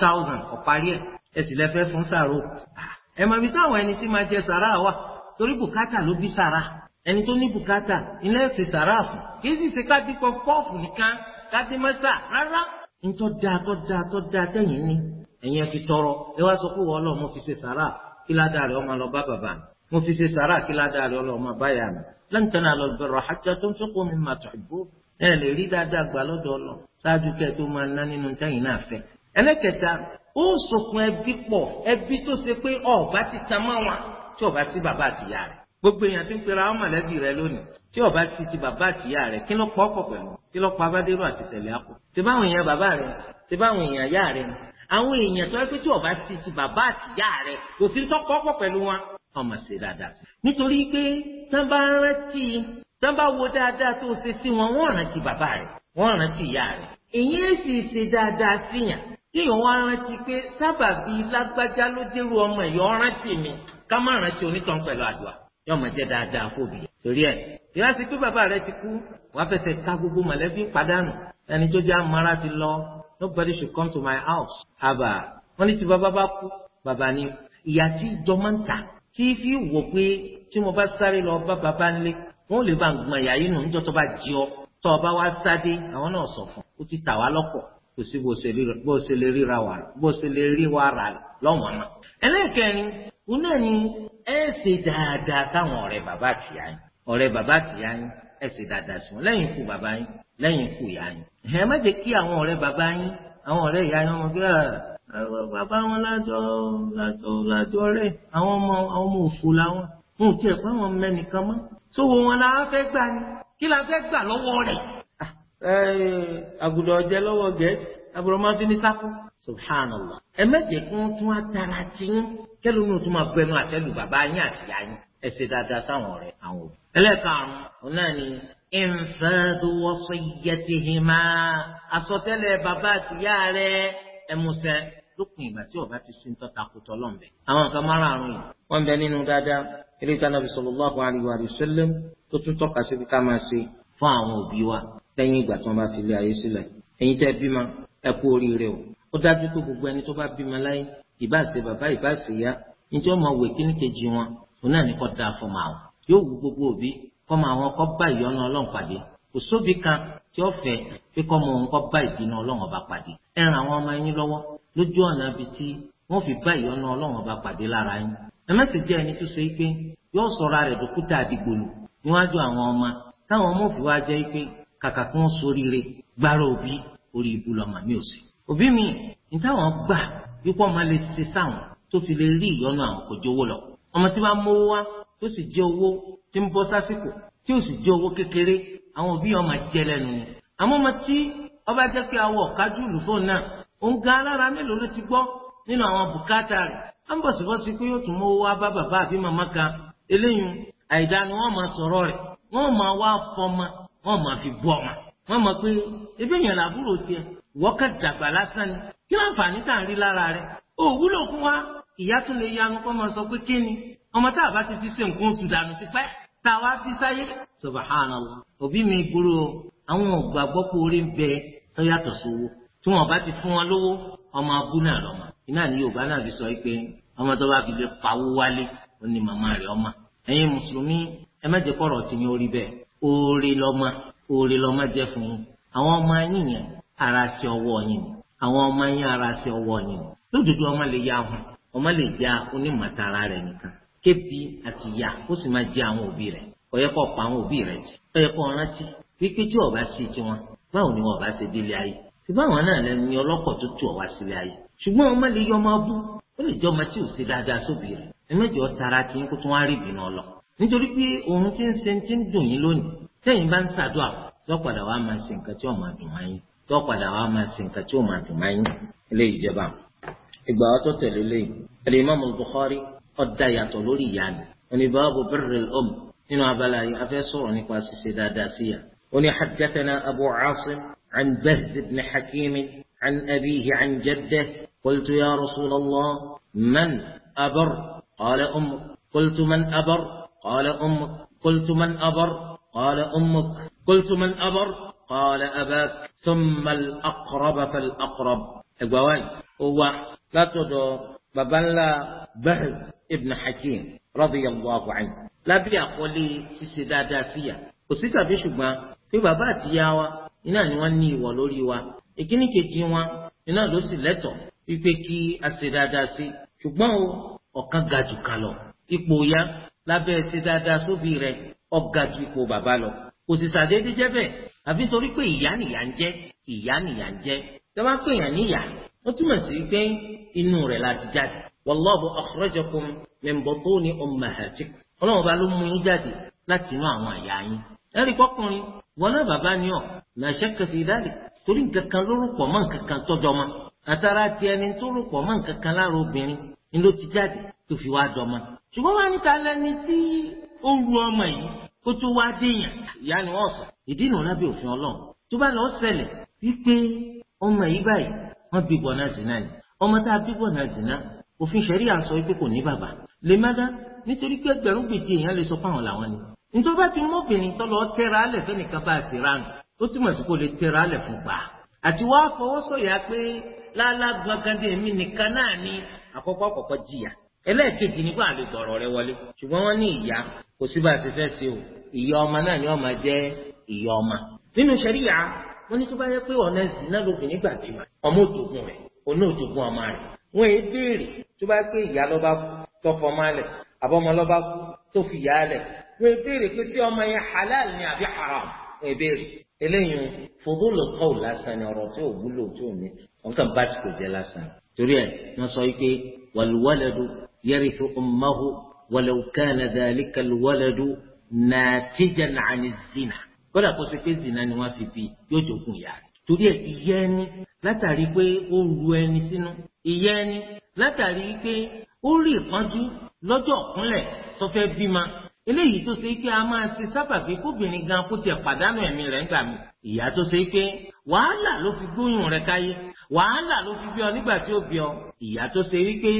thousand ọ̀parí ẹ̀ ẹ̀sì ẹ mọ̀ ibi táwọn ẹni tí máa jẹ sàrà wà torí bùkátà ló bí sàrà ẹni tó ní bùkátà ilé ẹsẹ sàrà fún kì í sì ṣe ká dípọ pọọfù nìkan ká dín mẹ́ta rárá ntọ́ da tọ́ da tọ́ da tẹ̀yìn ní ẹ̀yìn fi tọrọ ẹ wá sọ pé wọ́n lọ mo fi ṣe sàrà kí ládàá rẹ ọmọ lọ bá bàbá mi mo fi ṣe sàrà kí ládàá rẹ ọlọmọ báyà mi lan tanalul birra hatta tunfiqu mimma tuhibbun ẹ lè rí máa ná nínú tẹ̀yìn náà ó sokùn ẹbí pọ̀ ẹbí tó ṣe pé ọ̀bá ti tan mọ́ wọn tí ọ̀bá ti bàbá àtìyá rẹ̀ gbogbo èèyàn ti ń pera ọmọ lẹ́bí rẹ lónìí tí ọba ti ti bàbá àtìyá rẹ kí ló pọ̀ pọ̀ pẹ̀lú kí ló pa abádéró àti tẹ̀lé àpò tí báwọn èèyàn bàbá rẹ tí báwọn èèyàn yá rẹ ni àwọn èèyàn tó yẹ pé tí ọba ti ti bàbá àtìyá rẹ kò sí tó pọ̀ pọ̀ pẹ̀lú wọn ọmọ ṣe dáadáa nítorí pé tán bá rántí tán bá wo dáadáa tó ṣe sí wọn wọ́n rántí bàbá rẹ wọ́n rántí ìyá rẹ èyí sì ṣe dáadáa síyàn tí ìwọ wá rántí pé sábàbí lágbájá ló dérú ọmọ ẹ̀yọ́ rántí mi ká má rántí onítàn pẹ̀lú àdúrà yóò máa jẹ́ dáadáa fóbi torí ẹ̀ ìyá sí bàbá rẹ ti kú wàá fẹsẹ̀ ká gbogbo mọ̀lẹ́bí pàdánù ẹni tó jẹ́ amara ti lọ nobody should come to my house àbà wọ́n ní tí bàbá bá kú bàbá ni ìyá tí jọ máa ń tà tí fi wò pé tí mo bá sáré lọ bá bàbá nílé wọn ò lè bá gbọn ìyá yìí nù níjọ́ tó bá jí ọ tó o bá wá sáde àwọn náà sọ fún ó ti tà wá lọ́pọ̀ kò sí bó ṣe lè ríra wà bó ṣe lè rí wa rà lọ́wọ́n náà. ẹlẹ́kẹ̀rin òun náà ni ẹ ṣe dáadáa sáwọn ọ̀rẹ́ bàbá àtìyá yín ọ̀rẹ́ bàbá àtìyá yín ẹ ṣe dáadáa sí wọn lẹ́yìn ikú bàbá yín lẹ́yìn ikú ìyá yín. ẹ má jẹ́ kí àwọn ọ̀rẹ́ bàbá yín àwọn ọ̀rẹ́ ìyá yín ọmọ ah, bí bàbá wọn lájọ lájọ lájọ rẹ̀ àwọn ọmọ àwọn ọmọ òfò làwọn wọn ò tiẹ̀ pé àwọn mẹ́nìkan mọ́ àgùdọ̀ ọ̀jẹ́ lọ́wọ́ gẹ̀ẹ́sì àbùrọ̀mọ́tún ní sáfù subhanallah ẹ mẹ́jẹ̀ kí wọ́n tún atara tí ń kẹ́lu ní o tún máa gbẹnu àtẹ́lu bàbá yín àti ìyá yín ẹ ṣe dáadáa sáwọn ọ̀rẹ́ àwọn òbí. ẹlẹ́karùn-ún òun náà ni ìfẹ́dùwọ́sọ yẹtìhìmá àsọtẹ́lẹ̀ bàbá àti ìyá rẹ̀ ẹ̀mùsẹ̀ lópin ìgbà tí ọba ti sun tọ́ta kó tọ́ lọ́nbẹ̀. àwọn nǹkan márààrún yìí wọ́n bẹ nínú dáadáa eré ìtànàbí sallallahu alaihi wa sallam tó tún tọ́ka síbi ká máa ṣe fún àwọn òbí wa lẹ́yìn ìgbà tí wọ́n bá fi lé ayé sílẹ̀ ẹ̀yin tẹ́ bímọ ẹ kú oríire o ó dájú pé gbogbo ẹni tó bá bímọ láyé ìbá ṣe bàbá ìbá ṣe ìyá níjọ́ máa wè kíní kejì wọn òun náà ní kọ́ da fún màá yóò wù gbogbo òbí kọ́ máa wọn kọ́ bá ìyọ́nà ọlọ́run pàdé kò sóbì kan tí ó fẹ́ pé kọ́ mọ òun kọ́ bá ìdínà ọlọ́run ọba pàdé ẹ ràn àwọn ọmọ yín lọ́wọ́ lójú ọ̀nà ibi tí wọ́n fi bá ìyọ́nà ọlọ́run ọba pàdé lára yín ẹ má sì jẹ́ ẹni tó ṣe pé yóò sọra rẹ̀ dókútà àdìgbòlù níwájú àwọn ọmọ táwọn ọmọ òfin wa jẹ́ pé kàkà kí wọ́n soríire gbára òbí orí ibu lọ́mọ mi ò sí. òbí mi ní táwọn gbà wípé ọmọ lè ṣe sáwọn tó fi lè rí ìyọnu àwọn kò jówó lọ. ọmọ tí bá mówó wá tó sì jẹ owó tí ń bọ́ sásìkò tí ò sì jẹ owó kékeré àwọn òbí ọmọ jẹ lẹ́nu ni. àmọ́ ọmọ tí ọba jẹ́ pé awọ kájú lùfóònù náà òun ga alára mélòó ló ti gbọ́ nínú àwọn bùkátà rẹ̀ á ń bọ̀sibọ́sí pé yóò tún mówó wá bá bàbá àbí màmá kan eléyìí àìdáni wọ́n máa sọ̀rọ̀ rẹ̀ wọ́n máa wá fọmọ wọ́n máa fi bú ọmọ wọ́n mọ̀ pé ebi èèyàn làbúrò tiẹ̀ wọ́kẹ́ dàgbà lásán ni kí láǹfààní tá à ń rí lára rẹ̀ ó wúlò fún wa ìyá tún lè yanu kọ́ máa sọ pé kí ni ọmọ tá a bá ti fi ṣe nǹkan oṣù dànù ti pẹ́ tá a wá fi sáyé. subhanallah òbí mi burú o àwọn ògbàgbọ́ pé orí ń bẹ tó yàtọ̀ sówó tí wọn bá ti fún wọn lówó ọmọ abú náà lọ́mọ iná ní yorùbá náà fi sọ pé ọmọ tó bá fi lè pawó wálé ó ní màmá rẹ̀ ọmọ ẹ̀yin mùsùlùmí ẹ má jẹ́ kọ́rọ̀ ti yín orí bẹ́ẹ̀ oore lọ́mọ oore lọ́mọ jẹ́ fún yín àwọn ọmọ yín yẹn ara ti ọwọ́ yín àwọn ọmọ yín ara ti ọwọ́ yín lódodo ọmọ lè ya hàn ọmọ lè ja onímọ̀tara rẹ̀ nìkan kébi àti ìyá ó sì máa jẹ àwọn òbí rẹ̀ ọ̀yẹ́ kọ́ pa àwọn òbí rẹ̀ jù ọ̀yẹ́ kọ́ rántí wípé tí ọba ṣe tiwọn báwo ni wọn ọba ṣe délé ayé ṣùgbọ́n àwọn náà lẹ́nu ní ọlọ́kọ̀ tó tu ọ̀wá sílé ayé ṣùgbọ́n ọmọ lè yọ ọmọ bú ó lè jẹ́ ọmọ tí ò ṣe dáadáa sóbì rẹ̀ ẹ̀mẹ́jọ tara ti ń kó tó wá rí ìbínú nítorí pé òun ti ń ṣe ti ń dùn yín lónìí sẹ́yìn bá ń ṣàdúrà tó padà wá máa ṣe nǹkan tí ó máa dùn máa yín tó padà wá máa ṣe nǹkan tí ó máa dùn máa yín ilé ìjọba ìgbà wa tó tẹ̀lé lẹ́yìn Al-Imam Al-Bukhari ọ̀dà yàtọ̀ lórí ìyá ni oní báàbò bẹ̀rẹ̀ ọ̀m nínú abala yìí afẹ́ sọ̀rọ̀ nípa ṣíṣe dáadáa sí yà oní haddathana Abu Asim an Bahz ni hakimi an abihi an jẹ́dẹ́ kultu ya rasulallah man abar qala um kultu man abar قال أمك قلت من أبر قال أمك قلت من أبر قال أباك ثم الأقرب فالأقرب إقوان هو لا تدو ببلا بهل ابن حكيم رضي الله عنه لا بي أقول لي سيدا دافيا وسيدا بيشو ما في بابات ياوا إنا نواني ولوليوا إكيني كتيوا إنا لوسي لتو يفكي السيدا داسي شو ما هو وقا غاجو كالو إقويا lábẹ́ ṣe dáadáa sóbì rẹ̀ ọ̀gá ju ipò bàbá lọ kò sì ṣàdédé jẹ́ bẹ́ẹ̀ àfi torí pé ìyá nìyà ń jẹ́ ìyá nìyà ń jẹ́ tẹ́ bá pè yàn níyà ó túmọ̀ sí pé inú rẹ̀ láti jáde wallahu akhrajakum min butuni ummahatikum ọlọ́run bá ló mú yín jáde láti inú àwọn àyà yín ẹ̀rí kọkùnrin wọn náà bàbá ni ọ̀ la shakka fi torí nǹkan kan lórúkọ mọ́ nǹkan kan tọ́jọ́ mọ́ àtàrà tiẹ̀ ni tó rúkọ mọ́ nǹkan kan lára obìnrin ni ló ti jáde tó fi wá dọmọ. ṣùgbọ́n wá níta lẹ́ni tí ó ru ọmọ yìí kó tó wá déyàn ìyá ni wọ́n sọ. ìdí nù lábẹ́ òfin ọlọ́run tó bá lọ ṣẹlẹ̀ wípé ọmọ yìí báyìí wọ́n bí bọ̀ náà zìnà ni ọmọ tá a bí bọ̀ náà zìnà òfin ṣẹ̀rí à ń sọ wípé kò ní bàbá lè má dá nítorí pé ẹgbẹ̀rún gbèjì èèyàn lè sọ fáwọn làwọn ni. nítorí bá ti mú obìnrin tẹ́ra alẹ̀ fẹ́nìkan bá a ti ránu ó túmọ̀ sí kó lè tẹ́ra alẹ̀ fún gbà. àti wá fọwọ́sọ̀yà pé lálágbọ̀n kan dé nìkan náà ni àkọ́kọ́ kọ́kọ́ jìyà ẹlẹ́ẹ̀kejì nípa àlè gbọ̀rọ̀ rẹ wọlé ṣùgbọ́n wọ́n ní ìyá kò sí bá a ti fẹ́ sí o ìyá ọmọ náà ni ọmọ jẹ́ ìyá ọmọ nínú ṣẹ̀ríyà wọ́n ní tó bá yẹ pé ọ̀nà ẹ̀sìn náà lóbìnrin gbà tí ma ọmọ òtògùn rẹ̀ ọ̀nà òtògùn ọmọ rẹ̀ wọ́n èé béèrè tó bá pé ìyá ló bá kú fọmọ alẹ̀ àbọ̀mọ ló bá tó fi ìyá alẹ̀ wọ́n èé béèrè pé tí torí ẹ̀ wọ́n sọ wípé wàlúwàlẹ́dù yarithu ummahu walau kana dhalika alwaladu natijan ani zina kódà kó ṣe pé zina ni wọ́n fi bí yóò jogún ìyá rẹ̀ torí ẹ̀ ìyá ẹni látàrí pé ó ru ẹni sínú ìyá ẹni látàrí pé ó rí ìpọ́njú lọ́jọ́ ọ̀kúnlẹ̀ tó fẹ́ bímọ eléyìí tó ṣe pé a máa ṣe sábàbí kóbìnrin gan kó tiẹ̀ pàdánù ẹ̀mí rẹ̀ ńgbà mí ìyá tó ṣe pé wàhálà ló fi gbóyún rẹ̀ káyé wàhálà ló fi bí ọ nígbà tí ó bí ọ ìyá tó ṣe wípé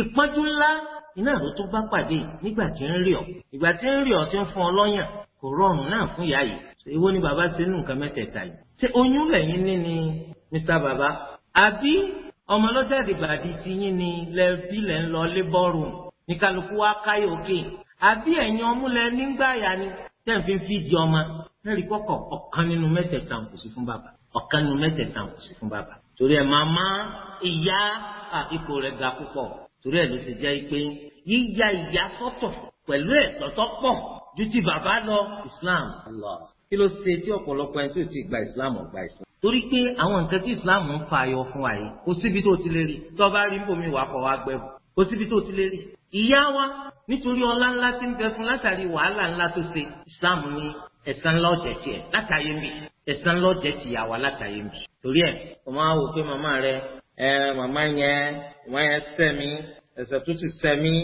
ìpọ́njú ńlá iná ló tún bá pàdé nígbà tí ń rí ọ ìgbà tí ń rí ọ tí ń fún ọ lọ́yàn kò rọrùn náà fún ìyá yìí èwo ni bàbá ṣe nù nǹkan mẹ́tẹ̀ẹ̀ta yìí ṣé oyún lẹ́yìn ní ni Mr. Baba àbí ọmọ lọ́jáde gbàdí ti yín ni lẹ́bí lẹ́ ń lọ lébọ́ọ̀rù ní kálukú wá káyọ̀ òkè àbí ẹ̀yin ọmúlẹ̀ nígbà yà ni tẹ̀ ń fi fídì ọmọ lẹ́rìí kọ́kọ́ ọ̀kan nínú mẹ́tẹ̀ẹ̀ta kò sí fún bàbá ọ̀kan nínú mẹ́tẹ̀ẹ̀ta kò sí fún bàbá torí ẹ̀ màmá ìyá ipò rẹ̀ ga púpọ̀ torí ẹ̀ ló ti jẹ́ pé yíya ìyá sọ́tọ̀ pẹ̀lú ẹ̀tọ́ tó pọ̀ ju ti bàbá lọ Islam lọ kí ló ṣe tí ọ̀pọ̀lọpọ̀ ẹni tó ti gba Islam ọ̀gbà Islam torí pé àwọn nǹkan tí Islam ń fa ayọ̀ fún wa yìí kò síbi tó ti lè rí tó bá rí bòmí wàá fọ wá gbẹ́bù kò síbi tó ti lè rí ìyá wa nítorí ọlá ńlá tí ń bẹ fún látàrí wàhálà ńlá tó ṣe Islam ní ẹ̀san ńlá ọ̀jẹ̀ mi ẹ̀san lọ́jẹ̀ tìyàwó látàyè mi. torí ẹ̀ o máa wò pé màmá rẹ ẹ màmá yẹn màmá yẹn sẹ́mi ẹ̀sẹ̀ tó sẹ́mi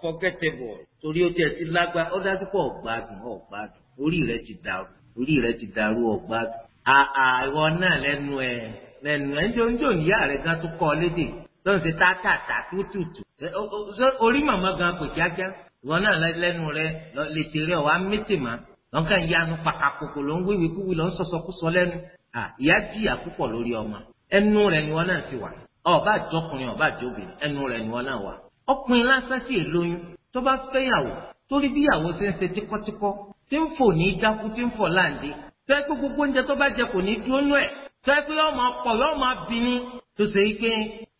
forgettable torí ó tiẹ̀ ti lágbá ó dájú pé ọ̀gbádùn ọ̀gbádùn orí rẹ ti dàrú orí rẹ ti dàrú ọ̀gbádùn. àà ìwọ náà ìyá gan tó kọ́ lédè lọ́n ti tátàtà tútùtù orí màmá gan pè kíákíá ìwọ náà rẹ lè wá lọ́nkà ìyanu pàkàkòkò ló ń wíwì kúwì ló ń sọ̀sọ̀kúsọ lẹ́nu ìyá jìyà púpọ̀ lórí ọmọ ẹnu rẹ̀ ni wọn náà ti wà ọba àjọkùnrin ọba àjọbìnrin ẹnu rẹ̀ ni wọn náà wà ọkùnrin lásán sì lóyún tó bá fẹ́yàwó torí bíyàwó ṣe ń ṣe tíkọ́tíkọ́ tí ń fò ní dákú tí ń fọ̀ láǹdí tó yẹ pé gbogbo oúnjẹ tó bá jẹ kò ní dúró nú ẹ̀ tó yẹ pé yọọ máa pọ̀ yọọ máa bí ní tó ṣe yí pé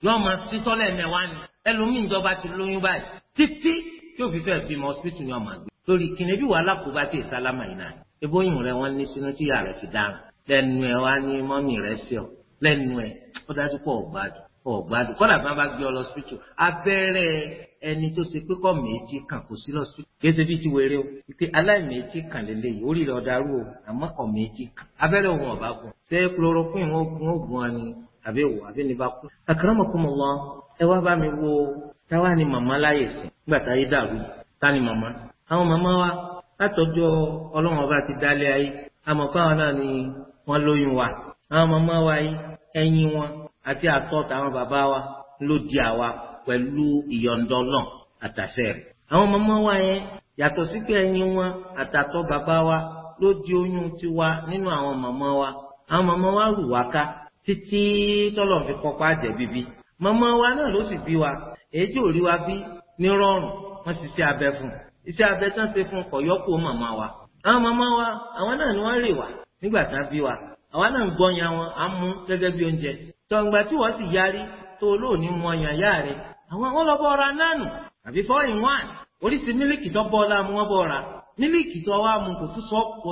yọọ máa sí tọ́lẹ̀ mẹ́wàá ni ẹlòmíì ìjọba ti lóyún báyìí títí tí òfin fẹ́ bímọ hospital ni ọmọ àgbẹ̀ lórí kìnìún wà lákòóbá tí ìsálámà yìí náà ebóyìn rẹ wọn ní sínú tíyà rẹ fi dáhùn lẹ́nu ẹ wá ní mọ́mì rẹ sí ọ lẹ́nu ẹ ó dájú pé ọ̀gbádùn ọ̀gbádùn kọ́dà bí wọ́n bá gbé ọ lọ sípítù abẹ́rẹ́ ẹni tó ṣe pé kọ́ méjì kàn kò sí lọ sípítù kéṣe bí ti wéré o pé aláìméjì kàn lélẹ́yìí orí rẹ̀ ọ̀darú o àmọ́ kọ̀ méjì kàn abẹ́rẹ́ òun ọ̀bá gùn ṣé chloroquine wọn gun ó gun ọ ni àbí wò àbí ní bá kú. Akramakumullah ẹ wá bá mi wo táwa ni màmá láyè sí nígbà tá dàrú ta ni màmá àwọn màmá wa látọjọ́ Ọlọ́run ọba ti dálé ayé àmọ́ fáwọn náà ni wọ́n lóyún wa àwọn màmá wa yìí ẹyin wọn àti àtọ̀ tàwọn bàbá wa ló di àwa pẹ̀lú ìyọ̀ǹdọ́ náà àtàṣẹ rẹ̀ àwọn màmá wa yẹn yàtọ̀ sí pé ẹyin wọn àtàtọ̀ bàbá wa ló di oyún tiwa nínú àwọn màmá wa àwọn màmá wa rù wá ká títí tọ́lọ̀ fi kọ́kọ́ àjẹ́ bíbí màmá wa náà ló sì bí wa èyí tí ò rí wa bí ní rọrùn wọ́n ti ṣe abẹ fún un iṣẹ́ abẹ tán ṣe fún ọ̀yọ́kù màmá wa àwọn màmá wa àwọn náà ni wọ́n rè wá nígbà tá a bí wa àwa náà ń gbọ́nyà wọn à ń mú gẹ́gẹ́ bí oúnjẹ tọ̀ǹgbà tí wọ́n sì yarí tó olóòní mu ọyàn yá rẹ̀ àwọn wọn lọ bọ́ ọ̀ra nánù àbí four in one oríṣi mílíkì tó bọ́ ọ̀la mu wọ́n bọ́ ọ̀ra mílíkì tó wá mu kò tún sọ kò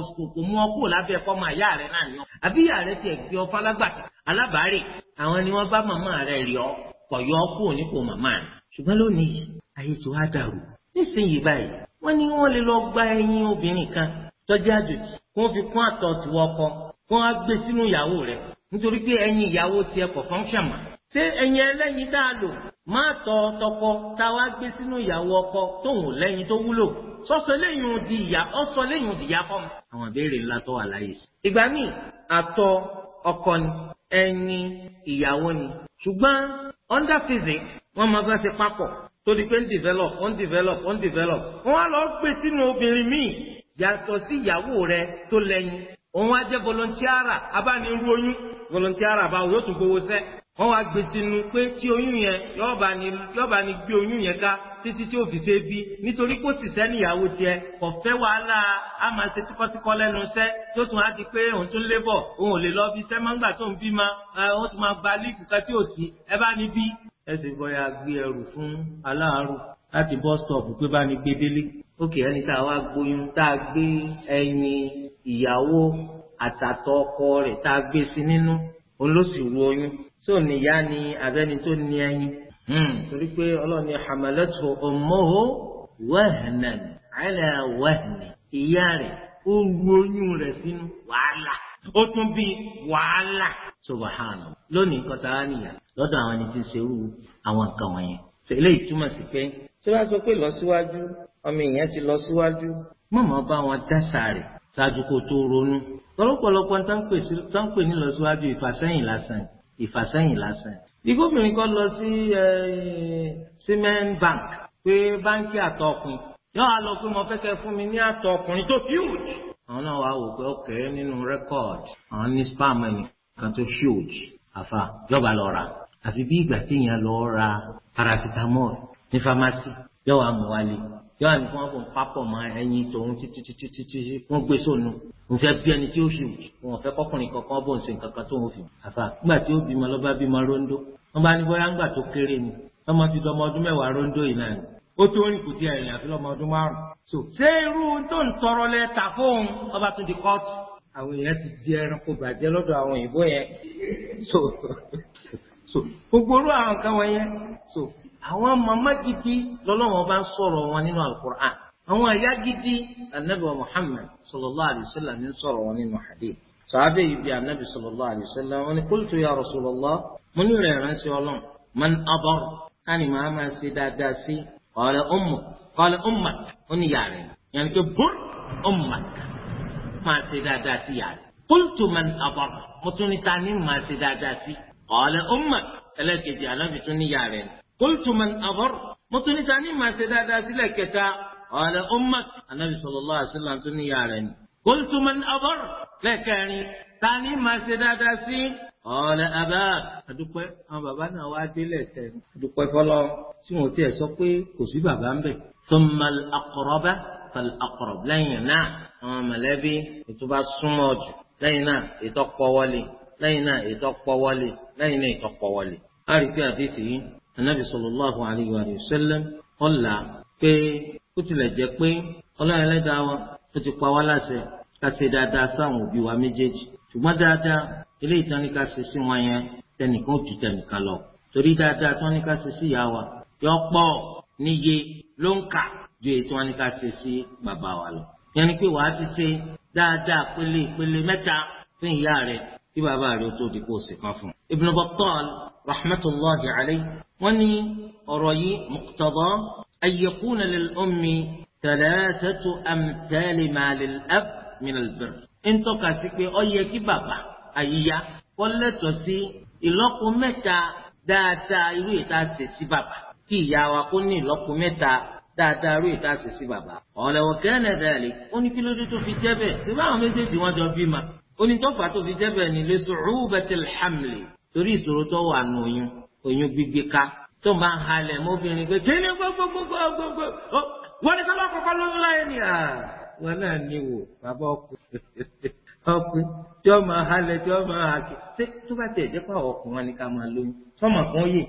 mú ọ kúrò lábẹ́ ẹ̀kọ́ máa yá rẹ̀ náà ni ọ àbí yá rẹ̀ tiẹ̀ gbé ọ falágbàtà alábàárẹ̀ àwọn ni wọ́n bá màmá rẹ̀ rí ọ kọ̀ yọ ọ kúrò màmá rẹ̀ ṣùgbọ́n lónìí ayé tó wá dàrú nísìnyí báyìí wọ́n ní wọ́n lè lọ gba ẹyin obìnrin kan tọ́jú àjòjì kó fi kún àtọ̀ tiwọ́ ọkọ kó wọ́n á gbé sínú ìyàwó rẹ̀ nítorí pé ẹyin ìyàwó tiẹ̀ kò fọ́nṣàn mọ́. ṣé ẹyin ẹlẹ́yin tá a lò máa tọ tọkọ tá a wá gbé sínú ìyàwó ọkọ tóun lẹ́yin tó wúlò sọ́sọ lẹ́yìn di ìyá ọ̀sọ lẹ́yìn di ìyá kọ́mọ. àwọn ìbéèrè ńlá tó wà láyé. ìgbà míì àtọ ọkọ ni ẹyin ìyàwó ni ṣùgbọ́n under physics wọ́n máa bá ṣe papọ̀ torí pé ń develop ó ń develop ó ń develop wọ́n á lọ gbé sínú obìnrin míì yàtọ̀ sí ìyàwó rẹ̀ tó lẹ́yìn òun á jẹ́ volontiara abániru oyún volontiara bá yóò tún gbowó sẹ́ wọ́n wá gbé sínú pé tí oyún yẹn yọ́ọ̀bá ni gbé oyún yẹn ká títí tí ó fi ṣe bí nítorí kó sì sẹ́ níyàwó tiẹ̀ kò fẹ́ wàhálà á máa ṣe tíkọ́tíkọ́ lẹ́nu iṣẹ́ tó tún á di pé òun tún lébọ̀ òun ò lè lọ bí iṣẹ́ máa ń gbà tó ń bí ma òun tún máa gba líìkù kan tí ò sí ẹ bá ní bí ẹ sì bọ́yá gbé ẹrù fún aláàárù láti bọ́ stọ̀pù pé bá ní gbé délé ókè ẹni tá a wá gboyún tá a gbé ẹyin ìyàwó àtàtọ̀ ọkọ rẹ̀ tá a gbé sí nínú òun ló sì ru oyún tó níyá ni abẹ́ni tó ní ẹyin hmm, torí pé ọlọ́run ní hamalatu ummuhu wahnan ala wahni ìyá rẹ̀ ó ru oyún rẹ̀ sínú wàhálà ó tún bí wàhálà subahana lónìí nǹkan tá a nìyà lọ́dọ̀ àwọn ẹni tí ń ṣerú àwọn nǹkan wọ̀nyẹn tẹ́lẹ̀ ìtumọ̀ sí pé tí wọ́n sọ pé lọ síwájú ọmọ èèyàn ti lọ síwájú mọ̀mọ́ bá wọn dásà rẹ̀ ṣáájú kó tó ronú lọ́pọ̀lọpọ̀ tá ń pè ní lọ ìfàsẹ́yìn lásán ìfàsẹ́yìn lásán ìgbóbìnrin kan lọ sí cement bank pé báńkì àtọkùn yóò wá lọ pé mo fẹ́ kẹ́ fún mi ní àtọkùnrin huge àwọn náà wá wò pé ọkẹ́ nínú rẹ́kọ̀d àwọn ní spam ẹnì kan tó ṣíòjì àfa yọba lọ ra àfi bí ìgbà téèyàn lọ ra paracetamol ní fámásì yọwọ àmúwálé yọwọ àmì kí wọn kò ń papọ̀ mọ́ ẹyin tòun títí títí títí wọn gbé sóònù n fẹ́ bí ẹni tí ó ṣíòjì wọn fẹ́ kọkùnrin kankan bò ń ṣe nǹkan kan tó ń fi àfa nígbà tí ó bímọ lọ bá bímọ róńdó wọn bá ní bóyá ńgbà tó kéré ni ọmọ ti dọmọ ọdún mẹ́wàá róńdó yìí náà ni ó tó rìn kùtì ẹ̀yìn àfi lọ́mọ ọdún márùn-ún. ṣé irú tó ń tọrọ lẹ́ta fóun ọba tó di kóòtù àwọn èèyàn ti di ẹranko bàjẹ́ lọ́dọ̀ àwọn òyìnbó yẹn so so gbogbo orú àwọn nǹkan wọn yẹn so àwọn màmá gidi lọ́lọ́wọ́n bá ń sọ̀rọ̀ wọn nínú alukur'an àwọn àyà gidi anabi muhammed sallallahu alayhi wa sallam ń sọ̀rọ̀ wọn nínú hadith sàábẹ̀ yìí bí anabi sallallahu alayhi wa sallam wọn ni qultu ya rasulallah mo ní rẹ̀ ránṣẹ́ ọlọ́run man abọ́ káni màá máa ṣe dáadáa sí qala ummu qala ummak ó ní yàrá yẹn yẹn ni pé bọ́ọ̀ ummak máa ṣe dáadáa sí yàrá qultu man adarra mo tún ní ta ni máa ṣe dáadáa sí qala ummak ẹlẹ́kejì anábì tún ní yàrá ni qultu man adarra mo tún ní ta ni máa ṣe dáadáa sí lẹ́kẹta qala ummak anábì sallallahu alaihi wasallam tún ní yàrá ni qultu man adarra lẹ́kẹrin ta ni máa ṣe dáadáa sí ọ̀ọ́lẹ̀ abá àdúpẹ́ àwọn bàbá náà wá délẹ̀ tẹ̀ àdúpẹ́ fọlọ́ tí wọn tiẹ̀ sọ pé kò sí bàbá ń bẹ̀. thumma al-aqraba fal-aqrab lẹ́yìn náà àwọn mọ̀lẹ́bí ètò bá súnmọ́ jù lẹ́yìn náà ètò pọ́wọ́lì lẹ́yìn náà ètò pọ́wọ́lì lẹ́yìn náà ètò pọ́wọ́lì. a rí pé àdéhùn yìí anabi sallallahu alayhi wa sallam ọ̀la pé ó tilẹ̀ jẹ́ pé ọlọ́run ẹlẹ́dàá wa ó ti pa wá láṣẹ ká ṣe dáadáa sáwọn òbí wa méjèèjì ṣùgbọ́n dáadáa ilé ìtọ́níká ṣe sí wọn yẹn tẹnìkan ju tẹnìkan lọ torí dáadáa tọ́níká ṣe sí ìyá wa yọ pọ̀ níye ló ń kà ju èyí tí wọ́n ní ká ṣe sí bàbá wa lọ yẹn ni pé wàá ti ṣe dáadáa pélé pélé mẹ́ta fún ìyá rẹ kí bàbá rẹ ó tó di kó o sì kan fún un. Ibn Battal rahmatulahi alayhi wọ́n ní ọ̀rọ̀ yìí muqtada an yakuna lil ummi thalathatu amthali ma lil ab min al birr. ń tọ́ka sí pé ó yẹ kí bàbá àyíyá kọ́ sí ìlọ́po mẹ́ta dáadáa irú ìta ṣe sí bàbá kí ìyá wa kó ní ìlọ́po mẹ́ta dáadáa rú ìta sì sí bàbá. ọ̀lẹ́wọ̀ kẹ́lẹ́ dàlẹ́ ó ní kí ló dé tó fi jẹ́ bẹ́ẹ̀ ṣé báwọn méjèèjì wọ́n jọ bí ma. ó ní tọ́fà tó fi jẹ́ bẹ́ẹ̀ ni lè su'ubatil hamli torí ìṣòro tó wà nù oyún oyún gbígbé ká tó máa ń halẹ̀ mọ́bìnrin pé kí ni gbogbogbogbogbò wọ́n ní sábà kọ́kọ́ lóyún láyé ni à wọn náà ní wò bàbá ọkùnrin ọkùnrin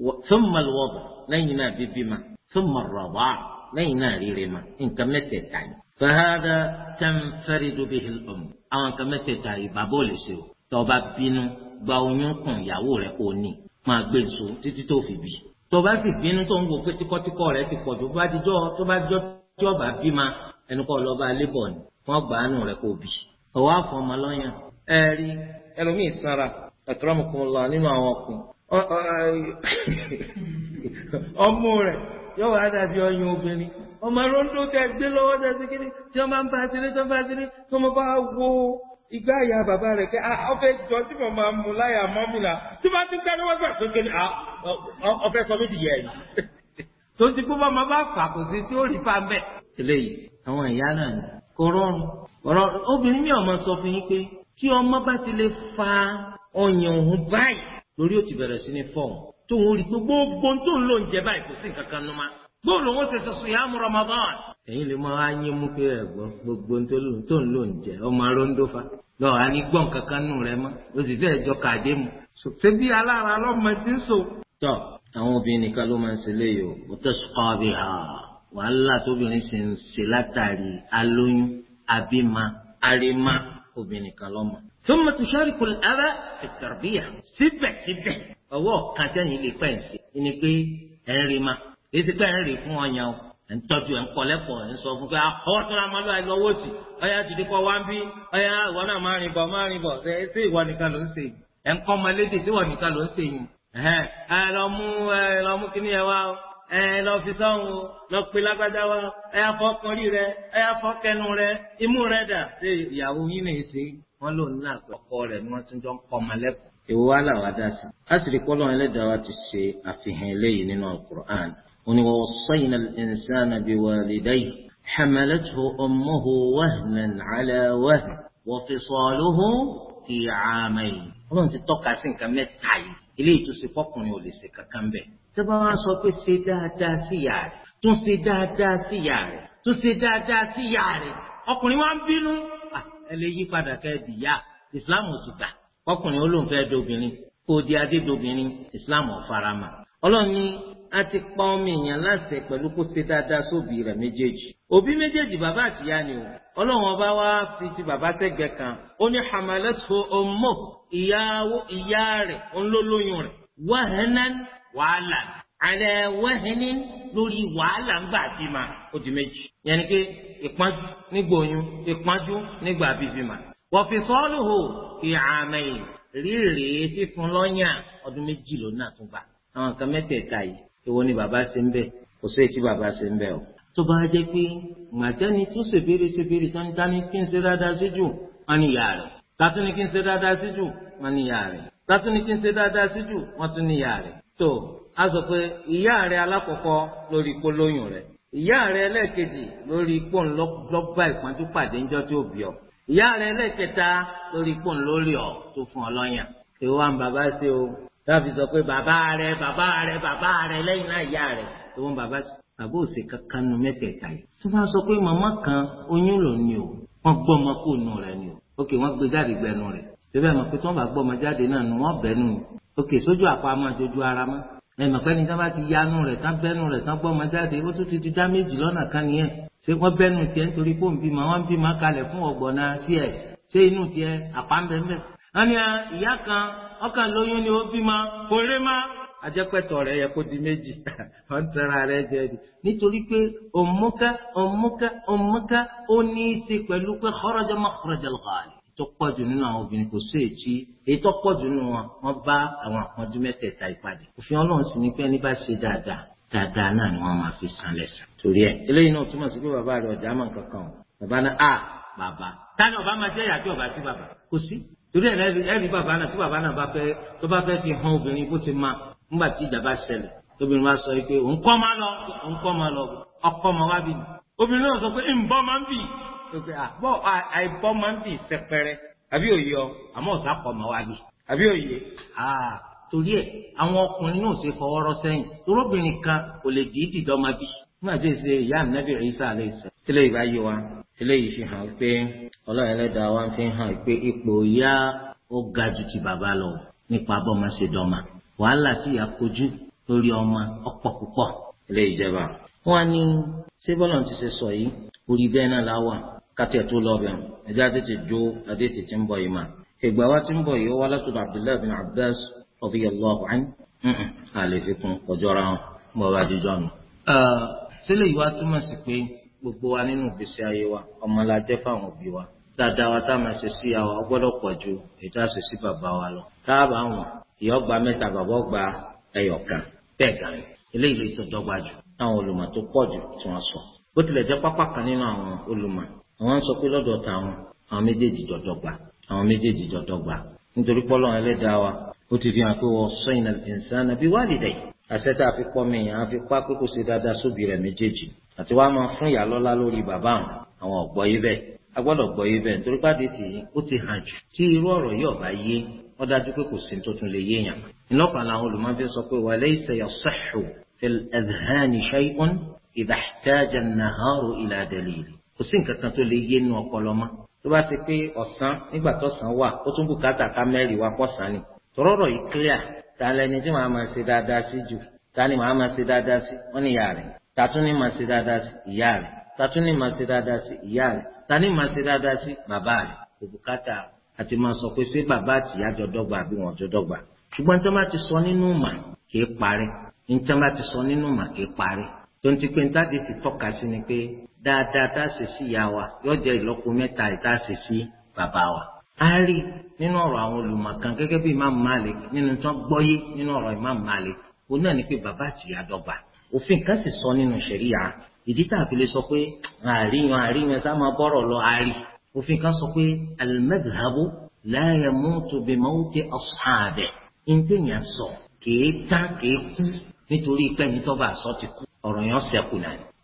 ثم الوضع لينا ببما ثم الرضاع لينا ريما إن كمت تاني فهذا تنفرد به الأم أو كمت تاني بابول سيو توبا بينو باونيون كون ياو ري أوني ما بنسو تítí tó fi bí tọba sì bínú tó ń wo pé tíkọ́tíkọ́ rẹ ti pọ̀ tó bá dijọ́ tó bá dijọ́ tí ọba bí ma ẹnu kọ́ lọ́ba lébọ̀ ni wọ́n gbà á nù rẹ kó bì ọwọ́ àfọmọlọ́yàn ẹ̀rí ẹlòmíì sára ẹ̀kọ́rọ́mùkúnlọ nínú àwọn ọkùnrin ọmú rẹ̀ yóò wá dàbí ọyàn obìnrin ọmọ rondo tẹ gbé lọ́wọ́ dàbí kíni tí wọ́n máa ń bá tiré tó ń bá tiré tó mọ bá wo igbá àyà bàbá rẹ̀ kẹ́ ọfẹ́ jọ tí mo máa ń mu láyà mọ́mìlà tí wọ́n ti gbẹ́ lọ́wọ́ gbà tó kéde ọfẹ́ sọ méjì yẹ ẹ̀yìn. tó ti kú bá máa bá fà kò sí tí ó rí fa mẹ́. eléyìí àwọn ìyá náà ni kò rọrùn ọ̀rọ̀ obìnrin mi ọmọ sọ fún yín pé tí ọmọ bá ti lè fa ọyàn òun báyìí lórí ó ti bẹ̀rẹ̀ sí ní fọ́ọ̀mù tóun rí pé gbogbo tó ń lò ń jẹ báyìí kò sí nǹkan kan nu ma gbóòn lòun ó ṣe sọ sùn yàmú Ramadan. ẹ̀yin lè máa yín mú pé ẹ̀gbọ́n gbogbo tó ń lò ń jẹ ọmọ aróńdó fa lọ a ní gbọ́n kankan nù rẹ mọ́ o sì fẹ́ẹ́ jọ kàdé mu. ṣé bí alára lọ́mọ ti ń so. tọ àwọn obìnrin nìkan ló máa ń ṣe léyìí o ó tẹ sùkọ́ bí ha wàhálà tóbìnrin obìnrin kan lọ́mọ. thumma tushariku al-aba fi at-tarbiyah síbẹ̀síbẹ̀ ọwọ́ kan sẹ́yìn lè pẹ́ǹsì ni pé ẹ̀ ń rí ma èyí ti pẹ́ ń rí fún ọyàn o ntọ́jú ẹ̀ ń kọ́ lẹ́kọ̀ọ́ ẹ̀ ń sọ fún pé ah, ọwọ́ tó máa lọ àìlọ́ owó sí ọyá dìde kọ́ wá ń bí ọyá ìwọ náà máa rìn bọ̀ máa rìn bọ̀ ẹ ṣé ìwọ nìkan ló ń ṣe yìí ẹ̀ ń kọ́ ọmọ lédè tí ìwọ nìkan ló ń ṣe yìí ẹ lọ mú kíní ẹ wá ẹ lọ fi sọ́hun o lọ pe lágbádá wa ẹ yà fọ́ kọrí rẹ ẹ yà fọ́ kẹnu rẹ imú rẹ dà. ṣé ìyàwó yín lè ṣe wọn lòun náà pé ọkọ rẹ ni wọn tún jọ ń kọ́ ọmọ lẹ́kọ̀ọ́. èwo wá là wá dá sí. kọ́ lọ́run ẹlẹ́dàá wa ti ṣe àfihàn eléyìí nínú alukur'an. òní wa wassayna al-insana biwalidayhi hamalathu ummuhu wahnan ala wahn wa fisaluhu fi 'amayn. ọlọ́run ti tọ́ka sí nǹkan mẹ́ta yìí eléyìí tó ṣe tó bá wá sọ pé ṣe dáadáa sí ìyá rẹ̀ tún ṣe dáadáa sí ìyá rẹ̀ tún ṣe dáadáa sí ìyá rẹ̀ ọkùnrin wa ń bínú ẹ lè yí padà kẹ́ ẹ dìyà ìsìláàmù òtútà ọkùnrin olóńfẹ́ dobìnrin kó o di adé dobìnrin ìsìláàmù ọ̀farama ọlọ́run ni a ti pa ọmọ èèyàn láṣẹ pẹ̀lú kó ṣe dáadáa sóbì rẹ̀ méjèèjì òbí méjèèjì bàbá àtìyá ni o ọlọ́run ọba wa fi ti bàbá sẹ́gbẹ̀ẹ́ kan ó ní hamalathu ummu ìyàwó ìyá rẹ̀ òun ló lóyún rẹ̀ wahanan wàhálà alẹ́ wẹ́hìnní lórí wàhálà ń gbà bímọ ó di méjì yẹn ni pé ìpọ́njú nígbà oyún ìpọ́njú nígbà bíbímọ. wọ́n fi sọ́ọ́lù hù ìhàmẹ́yìn rírèé fífún lọ́yàn ọdún méjì ló náà tún gbà. àwọn nǹkan mẹ́tẹ̀ẹ̀ta yìí èwo ni bàbá ṣe ń bẹ̀ kò sí èyí tí bàbá ṣe ń bẹ̀ o. tó bá jẹ́ pé màjẹ́ni tún ṣèbéèrè ṣèbéèrè tán kí n ṣe dáadáa sí jù wọ́n ní ìyá rẹ̀ tátún kí n ṣe dáadáa sí jù wọ́n ní ìyá rẹ̀ tátún kí n ṣe dáadáa sí jù wọ́n tún ní ìyá rẹ̀ tó a sọ pé ìyá rẹ alákọ̀ọ́kọ́ lórí ipò lóyún rẹ ìyá rẹ ẹlẹ́ẹ̀kejì lórí ipò ńlọ́gbà ìpọ́njú pàdé ńjọ́ tí ó bí ọ ìyá rẹ ẹlẹ́ẹ̀kẹta lórí ipò ńlórí ọ tó fún ọ lọ́yàn èwo àwọn bàbá ṣe o dábì sọ pé bàbá rẹ bàbá rẹ bàbá rẹ lẹ́yìn náà ìyá rẹ èwo bàbá ṣe bàbá òsè kankan nu mẹ́tẹ̀ẹ̀ta yìí tó bá sọ pé màmá kan oyún lò ní o wọ́n gbọ́ ọmọ kó nu rẹ ni o ok wọ́n gbé jáde gbẹnu rẹ síbẹ̀ mọ̀ pé tí wọ́n bá gbọ́ ọmọ jáde náà nu wọ́n bẹ́ẹ̀ nù òkè sójú àpamọ́ àjọjú ara mọ́ ẹnìkan tí wọ́n bá ti yanu rẹ̀ tán bẹ́nu rẹ̀ tán gbọ́ ọmọ jáde ó tún ti di dáméjì lọ́nà kan nìyẹn ṣé wọ́n bẹ́nu tiẹ̀ nítorí pé òun bímọ wọ́n bímọ kalẹ̀ fún ọ̀gbọ̀nà tiẹ̀ ṣé inú tiẹ̀ àpámbẹ́mbẹ́. wọ́n ní ìyá kan ọkàn lóyún ni ó bímọ kò rí má. ajẹ́pẹ̀tọ̀ rẹ̀ yẹ kó di méjì wọ́n tẹ́ra rẹ̀ jẹ́ di. nítorí pé òmùká òmùká òmùká ó ní í tó pọ̀jù nínú àwọn obìnrin kò sí èjì èyí tó pọ̀jù nínú wọn wọ́n bá àwọn àpọ́njú mẹ́tẹ̀ẹ̀ta ìpàdé òfin ọlọ́run sì ní pé ẹni bá ṣe dáadáa dáadáa náà ni wọ́n máa fi san lẹ́sàn. torí ẹ eléyìí náà túmọ̀ sí pé bàbá rẹ̀ ọ̀dà máa ń kankan o bàbá náà a bàbá táni ọba máa jẹ́ ìyàtọ̀ ọba sí bàbá kò sí torí ẹ ẹ̀rí bàbá náà tí bàbá náà bá fẹ́ tó bá fẹ́ fi han obìnrin bó ti máa nígbà tí ìjà bá ṣẹlẹ̀ tóbìnrin bá sọ pé òun kọ́ máa lọ òun kọ́ máa lọ ọkọ máa wá bì obìnrin náà sọ pé ń máa ń bì òkè àbọ̀ àìbọ́ máa ń bì sẹpẹrẹ àbí òye ọ àmọ́ ọ̀sà pọ̀ mọ́ wa bì àbí òye torí ẹ àwọn ọkùnrin náà ṣe fọwọ́ rọ́ sẹ́yìn torobìnrin kan kò lè dìídì dọ́mọ bí nígbà tí èsì ìyá ànábì Ìsá alayhi salam tẹ́lẹ̀ ìbá yé wa eléyìí fi hàn pé ọlọ́run ẹlẹ́dàá wa fi hàn pé ipò ìyá ó ga jù ti bàbá lọ nípa bọ́mọ ṣe dọ́mọ wàhálà tí ìyá kojú lórí ọmọ ọ̀pọ̀ púpọ̀ eléyìí jẹba. wọ́n á ní ṣé bọ́lá ti ṣe sọ yìí orí bẹ́ẹ̀ náà láwà kátìẹ̀ tó lọ bẹ̀rù ẹjẹ́ àtẹ̀tẹ̀ jó àtẹ̀tẹ̀ tí ń bọ̀ yìí mà. ìgbà wa ti ń bọ̀ yìí ó wá látọ̀dọ̀ abdullahi bin abbas radiyallahu anhu àlè fi kún ọjọ́ ra wọn mọ̀ bá jíjọ́ nù. sílẹ̀ yìí wá túmọ̀ sí pé gbogbo wa nínú ìgbésí ayé wa ọmọ la jẹ́ fáwọn òbí wa dáadáa wa tá a máa ṣe sí àwa ó pọ̀ ju èyí tá a ṣe sí bàbá wa lọ àwọn ń sọ pé lọ́dọ̀ tàwọn àwọn méjèèjì jọjọ gbà àwọn méjèèjì jọjọ gbà nítorí pọ́lọ́ ẹlẹ́dàá wa ó ti fi hàn pé wọ́n sọ ìnà ìnsánà bí wàlídẹ̀ àṣẹ tá a fi pọ́ mi à ń fi pa pé kò ṣe dáadáa sóbì rẹ̀ méjèèjì àti wàá máa fún ìyá lọ́lá lórí bàbá àwọn ọ̀gbọ́ yìí bẹ́ẹ̀ a gbọ́dọ̀ gbọ́ yìí bẹ́ẹ̀ nítorí pàdé tì í ó ti hàn jù tí irú ọ̀rọ̀ yìí ọ̀bá yé ó dájú pé kò sí tó tún lè yéèyàn ìlọ́pàá làwọn olùmọ̀fẹ́ sọ pé wa laysa yasihhu fil adhhani shay'un idha ihtaja an kò sí nǹkan kan tó lè yé nu ọpọlọ mọ́ tó bá ti pé ọ̀sán nígbà tọ̀sán wà ó tún bùkátà ká mẹ́rin wá pọ̀sán ni tọ́rọ̀rọ̀ yìí clear ta lẹni tí màá máa ṣe dáadáa sí jù ta ni màá máa ṣe dáadáa sí wọ́n ní ìyá rẹ̀ ta tún ní máa ṣe dáadáa sí ìyá rẹ̀ ta tún ní máa ṣe dáadáa sí ìyá rẹ̀ ta ní máa ṣe dáadáa sí bàbá rẹ̀ kò bùkátà àti máa sọ pé ṣé bàbá àti ìyá jọ dọ́gba àbí wọn jọ dọ́gba ṣùgbọ́n tí wọ́n bá ti sọ nínú mà kì í parí dáadáa tá a ṣe sí ìyá wa yóò jẹ́ ìlọ́po mẹ́ta tá a ṣe sí bàbá wa. a rí nínú ọ̀rọ̀ àwọn olùmọ̀kan gẹ́gẹ́ bí Imam Malik nínú tán gbọ́yé nínú ọ̀rọ̀ Imam Malik òun náà ni pé bàbá àti ìyá dọ́gba òfin kan sì sọ nínú ṣẹ̀ríyà ìdí tá a fi lè sọ pé àríyàn àríyàn tá máa bọ́rọ̀ lọ àárí òfin kan sọ pé al-madhhabu la yamutu bi mawti ashabihi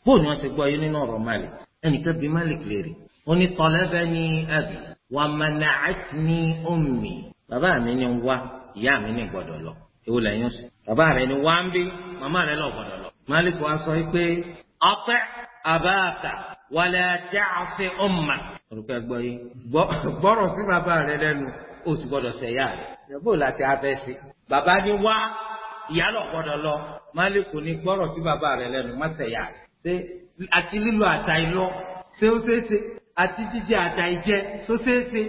bóun ni wọ́n ti gbọ́ yín nínú ọ̀rọ̀ malik ẹnìkan bíi malik léèrè ó ní talabani abi wa mana'atni ummi bàbá mi ni ń wá ìyá mi ni gbọ́dọ̀ lọ ewu lẹ́yìn oṣù bàbá rẹ ni wá ń bí màmá rẹ lọ gbọ́dọ̀ lọ malik wa sọ pé ọpẹ abáàkà wàlẹ àti àfẹ ọmọ orúkọ ẹgbọ yìí gbọ́rọ̀ sí bàbá rẹ lẹ́nu ó sì gbọ́dọ̀ sẹyà rẹ ẹgbẹ ò láti abẹ sí bàbá ni wá ìyá lọ gbọ́dọ̀ lọ malik ni gbọ́rọ̀ sí bàbá rẹ lẹ́nu má sẹyà rẹ ṣe àti lílo àtà ìlọ ṣé ó ṣeé ṣe àti jíjẹ àtà ìjẹ ṣó ṣeé ṣe.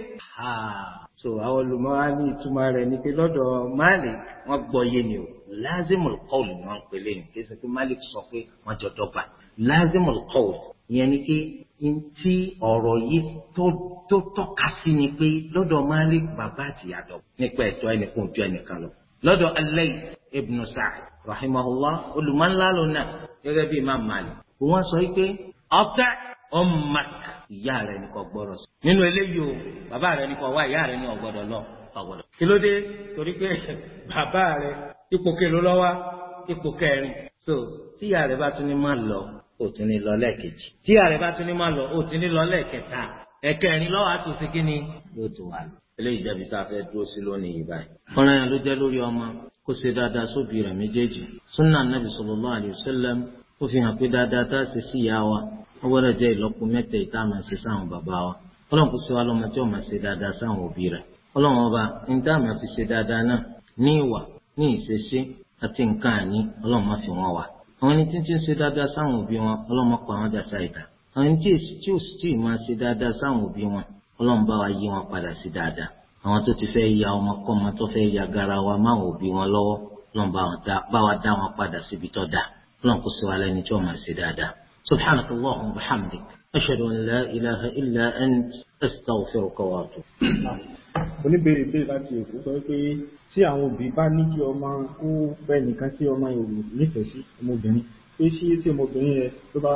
so àwọn olùmọ̀ọ́ ní ìtumọ̀ rẹ̀ ni pé lọ́dọ̀ Malik wọ́n gbọ́ yé mi o lazimul qawl ni wọ́n pè léyìn kí ẹ sọ pé Malik sọ pé wọ́n jọ dọ́gba lazimul qawl ìyẹn ni pé ntí ọ̀rọ̀ yìí tó tọ́ka sí ni pé lọ́dọ̀ Malik bàbá àtìyàdọ̀ nípa ẹ̀tọ́ ẹnìkan ojú ẹnìkan lọ lọ́dọ̀ Al-Layth ibn Sa'd rahimahullah olùmọ̀ńlá lónà gẹ́gẹ́ bíi Imam Malik wọ́n sọ pé ọ̀tẹ̀ ummak ìyá rẹ̀ ní kò gbọ́dọ̀ sí. nínú eléyìí o bàbá rẹ̀ ní kò wá ìyá rẹ̀ ní ọ̀gbọ́dọ̀ lọ ọ̀gbọ́dọ̀. kí ló dé torí pé bàbá rẹ̀ ipò kelo lọ́wọ́ ipò kẹrin. so tíyà rẹ̀ bá tún ní má lọ ó tún ní lọ lẹ́ẹ̀kejì. tíyà rẹ̀ bá tún ní má lọ ó tún ní lọ lẹ́ẹ̀kẹta. ẹ̀kẹrin lọ́wọ́ àtúnṣe kí ni yóò tún wà lọ eléyìí jẹ́ tá a fẹ́ dúró sí lónìí báyìí. ọ̀ràn yẹn ló ó fi hàn pé dáadáa tá a ṣe sí ìyá wa wọ́n gbọ́dọ̀ jẹ́ ìlọ́po mẹ́tẹ̀ ìta máa ṣe sáwọn bàbá wa ọlọ́run kò sí wa lọ́mọ tí wọ́n máa ṣe dáadáa sáwọn òbí rẹ̀ ọlọ́run ọba ní tá a máa fi ṣe dáadáa náà ní ìwà ní ìṣesí àti nǹkan àní ọlọ́run máa fi wọ́n wà àwọn ẹni tí ń ti ń ṣe dáadáa sáwọn òbí wọn ọlọ́run máa pa wọn dà sáìdá àwọn ẹni tí ò sì tí ì máa ṣe dáadáa sáwọn òbí wọn ọlọ́run bá wa yí wọn padà sí dáadáa àwọn tó ti fẹ́ ya ọmọ kọ́mọ tó fẹ́ ya garawa máwọn òbí wọn lọ́wọ́ ọlọ́run bá wa dá wọn padà síbi tó dáa ọlọ́run kò sọ alẹ́ ní tí wọ́n máa ṣe dáadáa subhanaka allahumma wa hamdik ashhadu an la ilaha illa ant astaghfiruka wa atubu. oníbèrè bẹ́ẹ̀ láti èkó sọ pé tí àwọn òbí bá ní kí ọmọ kó fẹ́ nìkan tí ọmọ yòówù nífẹ̀ẹ́ sí ọmọbìnrin pé ṣí tí ọmọbìnrin yẹn tó bá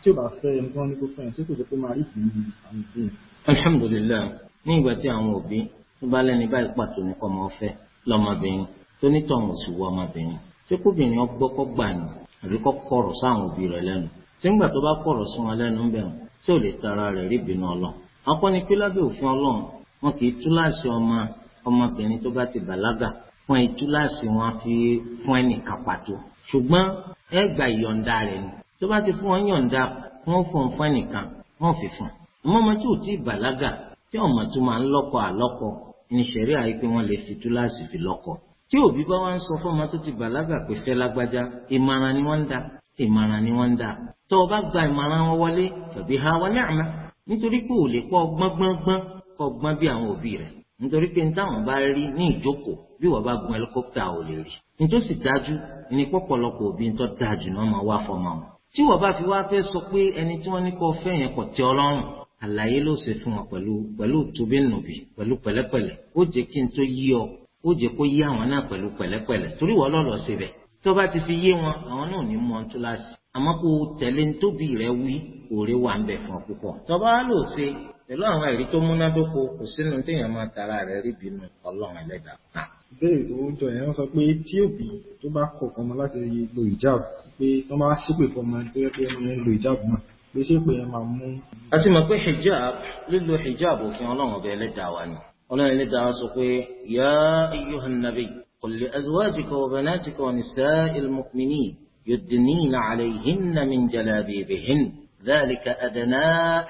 tí ò bá fẹ́ ẹni tó wọn ní kó fẹ́ yẹn tí kò jẹ́ pé máa rí ìdí àwọn òbí yẹn. alhamdulilayi ní ìgbà tí àwọn òbí tó bá lẹ́ni báyìí pàtó ní kọ́ ọmọ ọ̀fẹ́ lọ́mọbìnrin tó nítọ̀hún sì wọ ọmọbìnrin ṣé kóbìnrin ọgbọ́kọ́ gbà ní àbí kọ́ kọ̀rọ̀ sáwọn òbí rẹ̀ lẹ́nu tí ńgbà tó bá kọ̀rọ̀ sí wọn lẹ́nu ń bẹ̀ wọ́n tí ò lè tara rẹ̀ rí ìbínú ọlọ́run akọ́ ni pé lábẹ́ òfin ọlọ́run wọn kì í túláàsì ọmọ ọmọbìnrin tó bá ti bàlágà wọn kì í túláàsì wọn fi fún ẹnìkan pàtó ṣùgbọ́n ẹ gba ìyọ̀ǹda rẹ̀ ni tó bá ti fún wọn yọ̀ǹda wọn fún fún ẹnìkan wọn fi fún un ọmọ ọmọ tí ò tí òbí bá wá ń sọ fún ọmọ tó ti bàlágà pé fẹ́ lágbájá ìmọ̀ràn ni wọ́n ń dá ìmọ̀ràn ni wọ́n ń dá tó o bá gba ìmọ̀ràn wọn wọlé tàbí ha wọlé àmọ́ nítorí pé ò lè pọ̀ gbọ́ngbọ́ngbọ́n kọ́ gbọ́n bí àwọn òbí rẹ̀ nítorí pé táwọn bá rí ní ìjókòó bí wọ́n bá gun ẹlikọ́pítà ò lè rí nítòsí dájú ní pọ̀pọ̀lọpọ̀ òbí tó dájú náà máa wá fọmọ wọn tí wọ́n bá fi wá fẹ́ sọ pé ẹni tí wọ́n ní kó fẹ́ yẹn kò tẹ́ ọ àlàyé ló ṣe fún wọn pẹ̀lú pẹ̀lú tobínúbì pẹ̀lú pẹ̀lẹ́pẹ̀lẹ́ ó jẹ́ kí n tó yí ọ ó jẹ́ kó yé àwọn náà pẹ̀lú pẹ̀lẹ́pẹ̀lẹ́ torí wọ́n lọ́lọ́ ṣe bẹ̀ tó bá ti fi yé wọn àwọn náà ní mọ́ tó láti àmọ́ kó tẹ̀lé nítòbí rẹ wí òré wà ń bẹ̀ fún ọ púpọ̀ tó bá lò ṣe pẹ̀lú àwọn ẹ̀rí tó múnádóko kò sínú téèyàn máa tara rẹ̀ rí bínú ọlọ́run ẹlẹ́dàá. ìbéèrè tó yẹn wọ́n sọ pé tí òbí tó bá kọ̀ ọmọ láti lo ìjáàbù pé wọ́n máa ṣépè fún ọmọ tó yẹ pé wọ́n lo ìjáàbù náà pé ṣépè yẹn máa mú. a ti mọ̀ pé hijab lílo hijab òfin ọlọ́run ọbẹ̀ ẹlẹ́dàá wa ni ọlọ́run lè dáhùn sọ pé yá ayyuhan nabi qul li azwajika wa banatika wa nisa'il mu'minin yudnina alayhinna min jalabibihin ذلك أدنى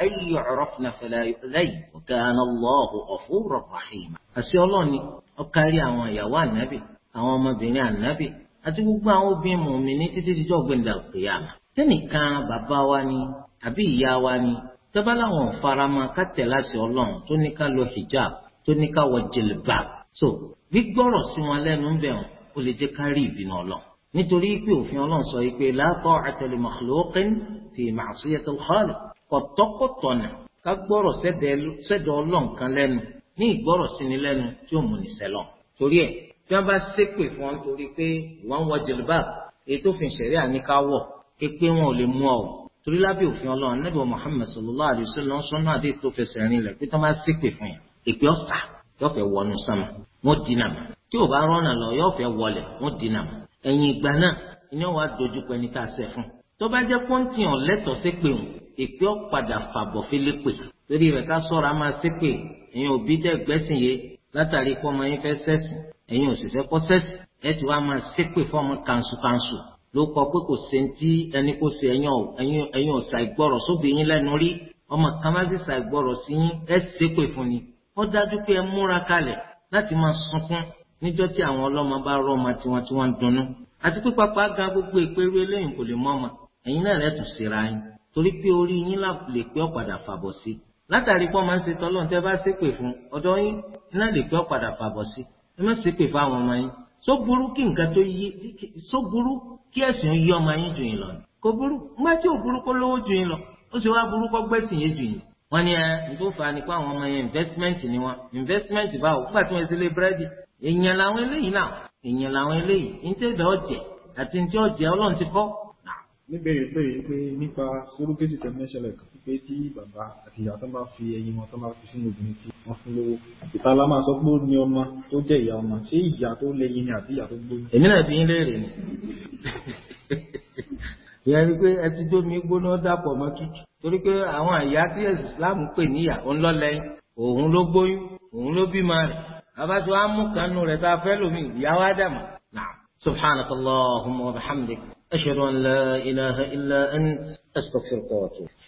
أن يعرفن فلا يؤذين وكان الله غفورا رحيما àṣẹ Ọlọ́run ni ó kárí àwọn ìyàwó Ànábì àwọn ọmọbìnrin Ànábì àti gbogbo àwọn obìnrin mọ̀mìnì títí díjọ́ gbẹ̀ndà òkèèyàmà tẹ́nìkan bàbá wa ni àbí ìyá wa ni tẹ́bá láwọn ò fara kátẹ́ láti Ọlọ́run tó ní ká lo hijab tó ní ká wọ jìlìbà so gbígbọ́rọ̀ sí wọn lẹ́nu ń bẹ̀rù ó lè jẹ́ ká rí ìbínú ọlọ́run nítorí pé òfin ọlọ́run sọ pé la ta'ata li makhluqin fi ma'siyati al-khaliq kọ̀tọ́kọ̀tọ̀nà ká gbọ́rọ̀ sẹ́dọ̀ ọlọ́run kan lẹ́nu ní ìgbọ́rọ̀ síni lẹ́nu tí ó mú ní sẹ́lọ̀ torí ẹ̀ tí wọ́n bá ṣépè fún ọ nítorí pé wọ́n ń wọ jìlìbáàbù èyí tó fi ṣẹ̀rí àníkáwọ̀ pé wọn ò lè mú ọ torí lábẹ́ òfin ọlọ́run Ànábì Muhammad sallallahu alaihi wasallam sọ́nà àdéhùn tó fẹsẹ̀ rìn pé tó máa ṣépè fún yẹn èpè ọ̀sà yóò fẹ́ wọnú sánmà wọ́n dínà mọ́ tí ò bá rọ́nà lọ yóò fẹ́ wọlé wọ́n dínà mọ́ ẹ̀yìn ìgbà náà iná wa dojú pẹ́ ní ká ṣe fún tó bá jẹ́ pọ́ńtìyàn lẹ́tọ̀ọ́ sí pé òun èpè ọ̀padà fàbọ̀ fílẹ̀ pè torí rẹ̀ ká sọ̀rọ̀ a máa ṣe pé ẹ̀yin òbí tẹ̀ gbẹ́sìn yé látàrí pé ọmọ yín fẹ́ sẹ́sìn ẹ̀yin òṣìṣẹ́ kọ́ sẹ́sìn ẹ̀ tí wàá máa ṣe pé fọ́ọ̀mù kanṣu kanṣu ló kọ pé kò ṣe ti ẹni kò ṣe ẹ̀yin òṣà ìgbọ́rọ̀ sóbì yín lẹ́nu rí ọmọ kan má sì ṣàìgbọ́rọ̀ sí yín ẹ̀ ṣépè fún ni ó dájú pé ẹ múra kalẹ̀ láti máa sunkún níjọ́ tí àwọn ọlọ́mọ bá rọ́mọ tiwọn tí wọ́n ń dunnú àti pé pápá gan gbogbo ìpérú eléyìí kò lè mọ́mọ ẹ̀yin náà rẹ̀ tún síra yín torí pé orí yín lè pé ọ̀padà fàbọ̀ sí látàrí pé ọmọ ń ṣe tọ́lọ́run tẹ́ bá ṣépè fún ọ̀dọ́ yín náà lè pé ọ̀padà fàbọ̀ sí ẹ má ṣépè fún àwọn ọmọ yín só burú kí nǹkan tó yí só burú kí ẹ̀sìn yí ọmọ yín jù yín lọ kò burú ńgbà tí ò burú kó lówó jù yín lọ ó sì wá burú kó gbẹ́sìn yé jù yín wọ́n ní ẹ nítorí fa ni pé àwọn ọmọ yẹn investment ni wọ́n investment báwo nígbà tí wọ́n ti lé búrẹ́dì èèyàn làwọn eléyìí náà èèyàn làwọn eléyìí ntẹ́dọ̀ ọ̀jẹ̀ àti ntẹ́ ọ̀jẹ̀ ọlọ́run ti kọ́. níbẹ̀rẹ̀ pé pé nípa surrogacy tẹ̀mẹ́sẹ̀lẹ̀ kan pé tí bàbá àti ìyá tó bá fi ẹyin wọn tó bá fi sínú obìnrin tí wọ́n fún lówó ìtàlá máa sọ pé ó ní ọmọ tó jẹ́ ìyá ọmọ ṣé ìyá tó léyìn ni àbí ìyá tó gbóyún. èmi torí pé àwọn àyà tí Islam pè níyà òun lọ́lẹ́yìn òun ló gbóyún òun ló bímọ rẹ̀ bàbá tí wàá mú kanú rẹ̀ tá a fẹ́ lómi ìyá wa dàmà. سبحانك اللهم وبحمدك أشهد أن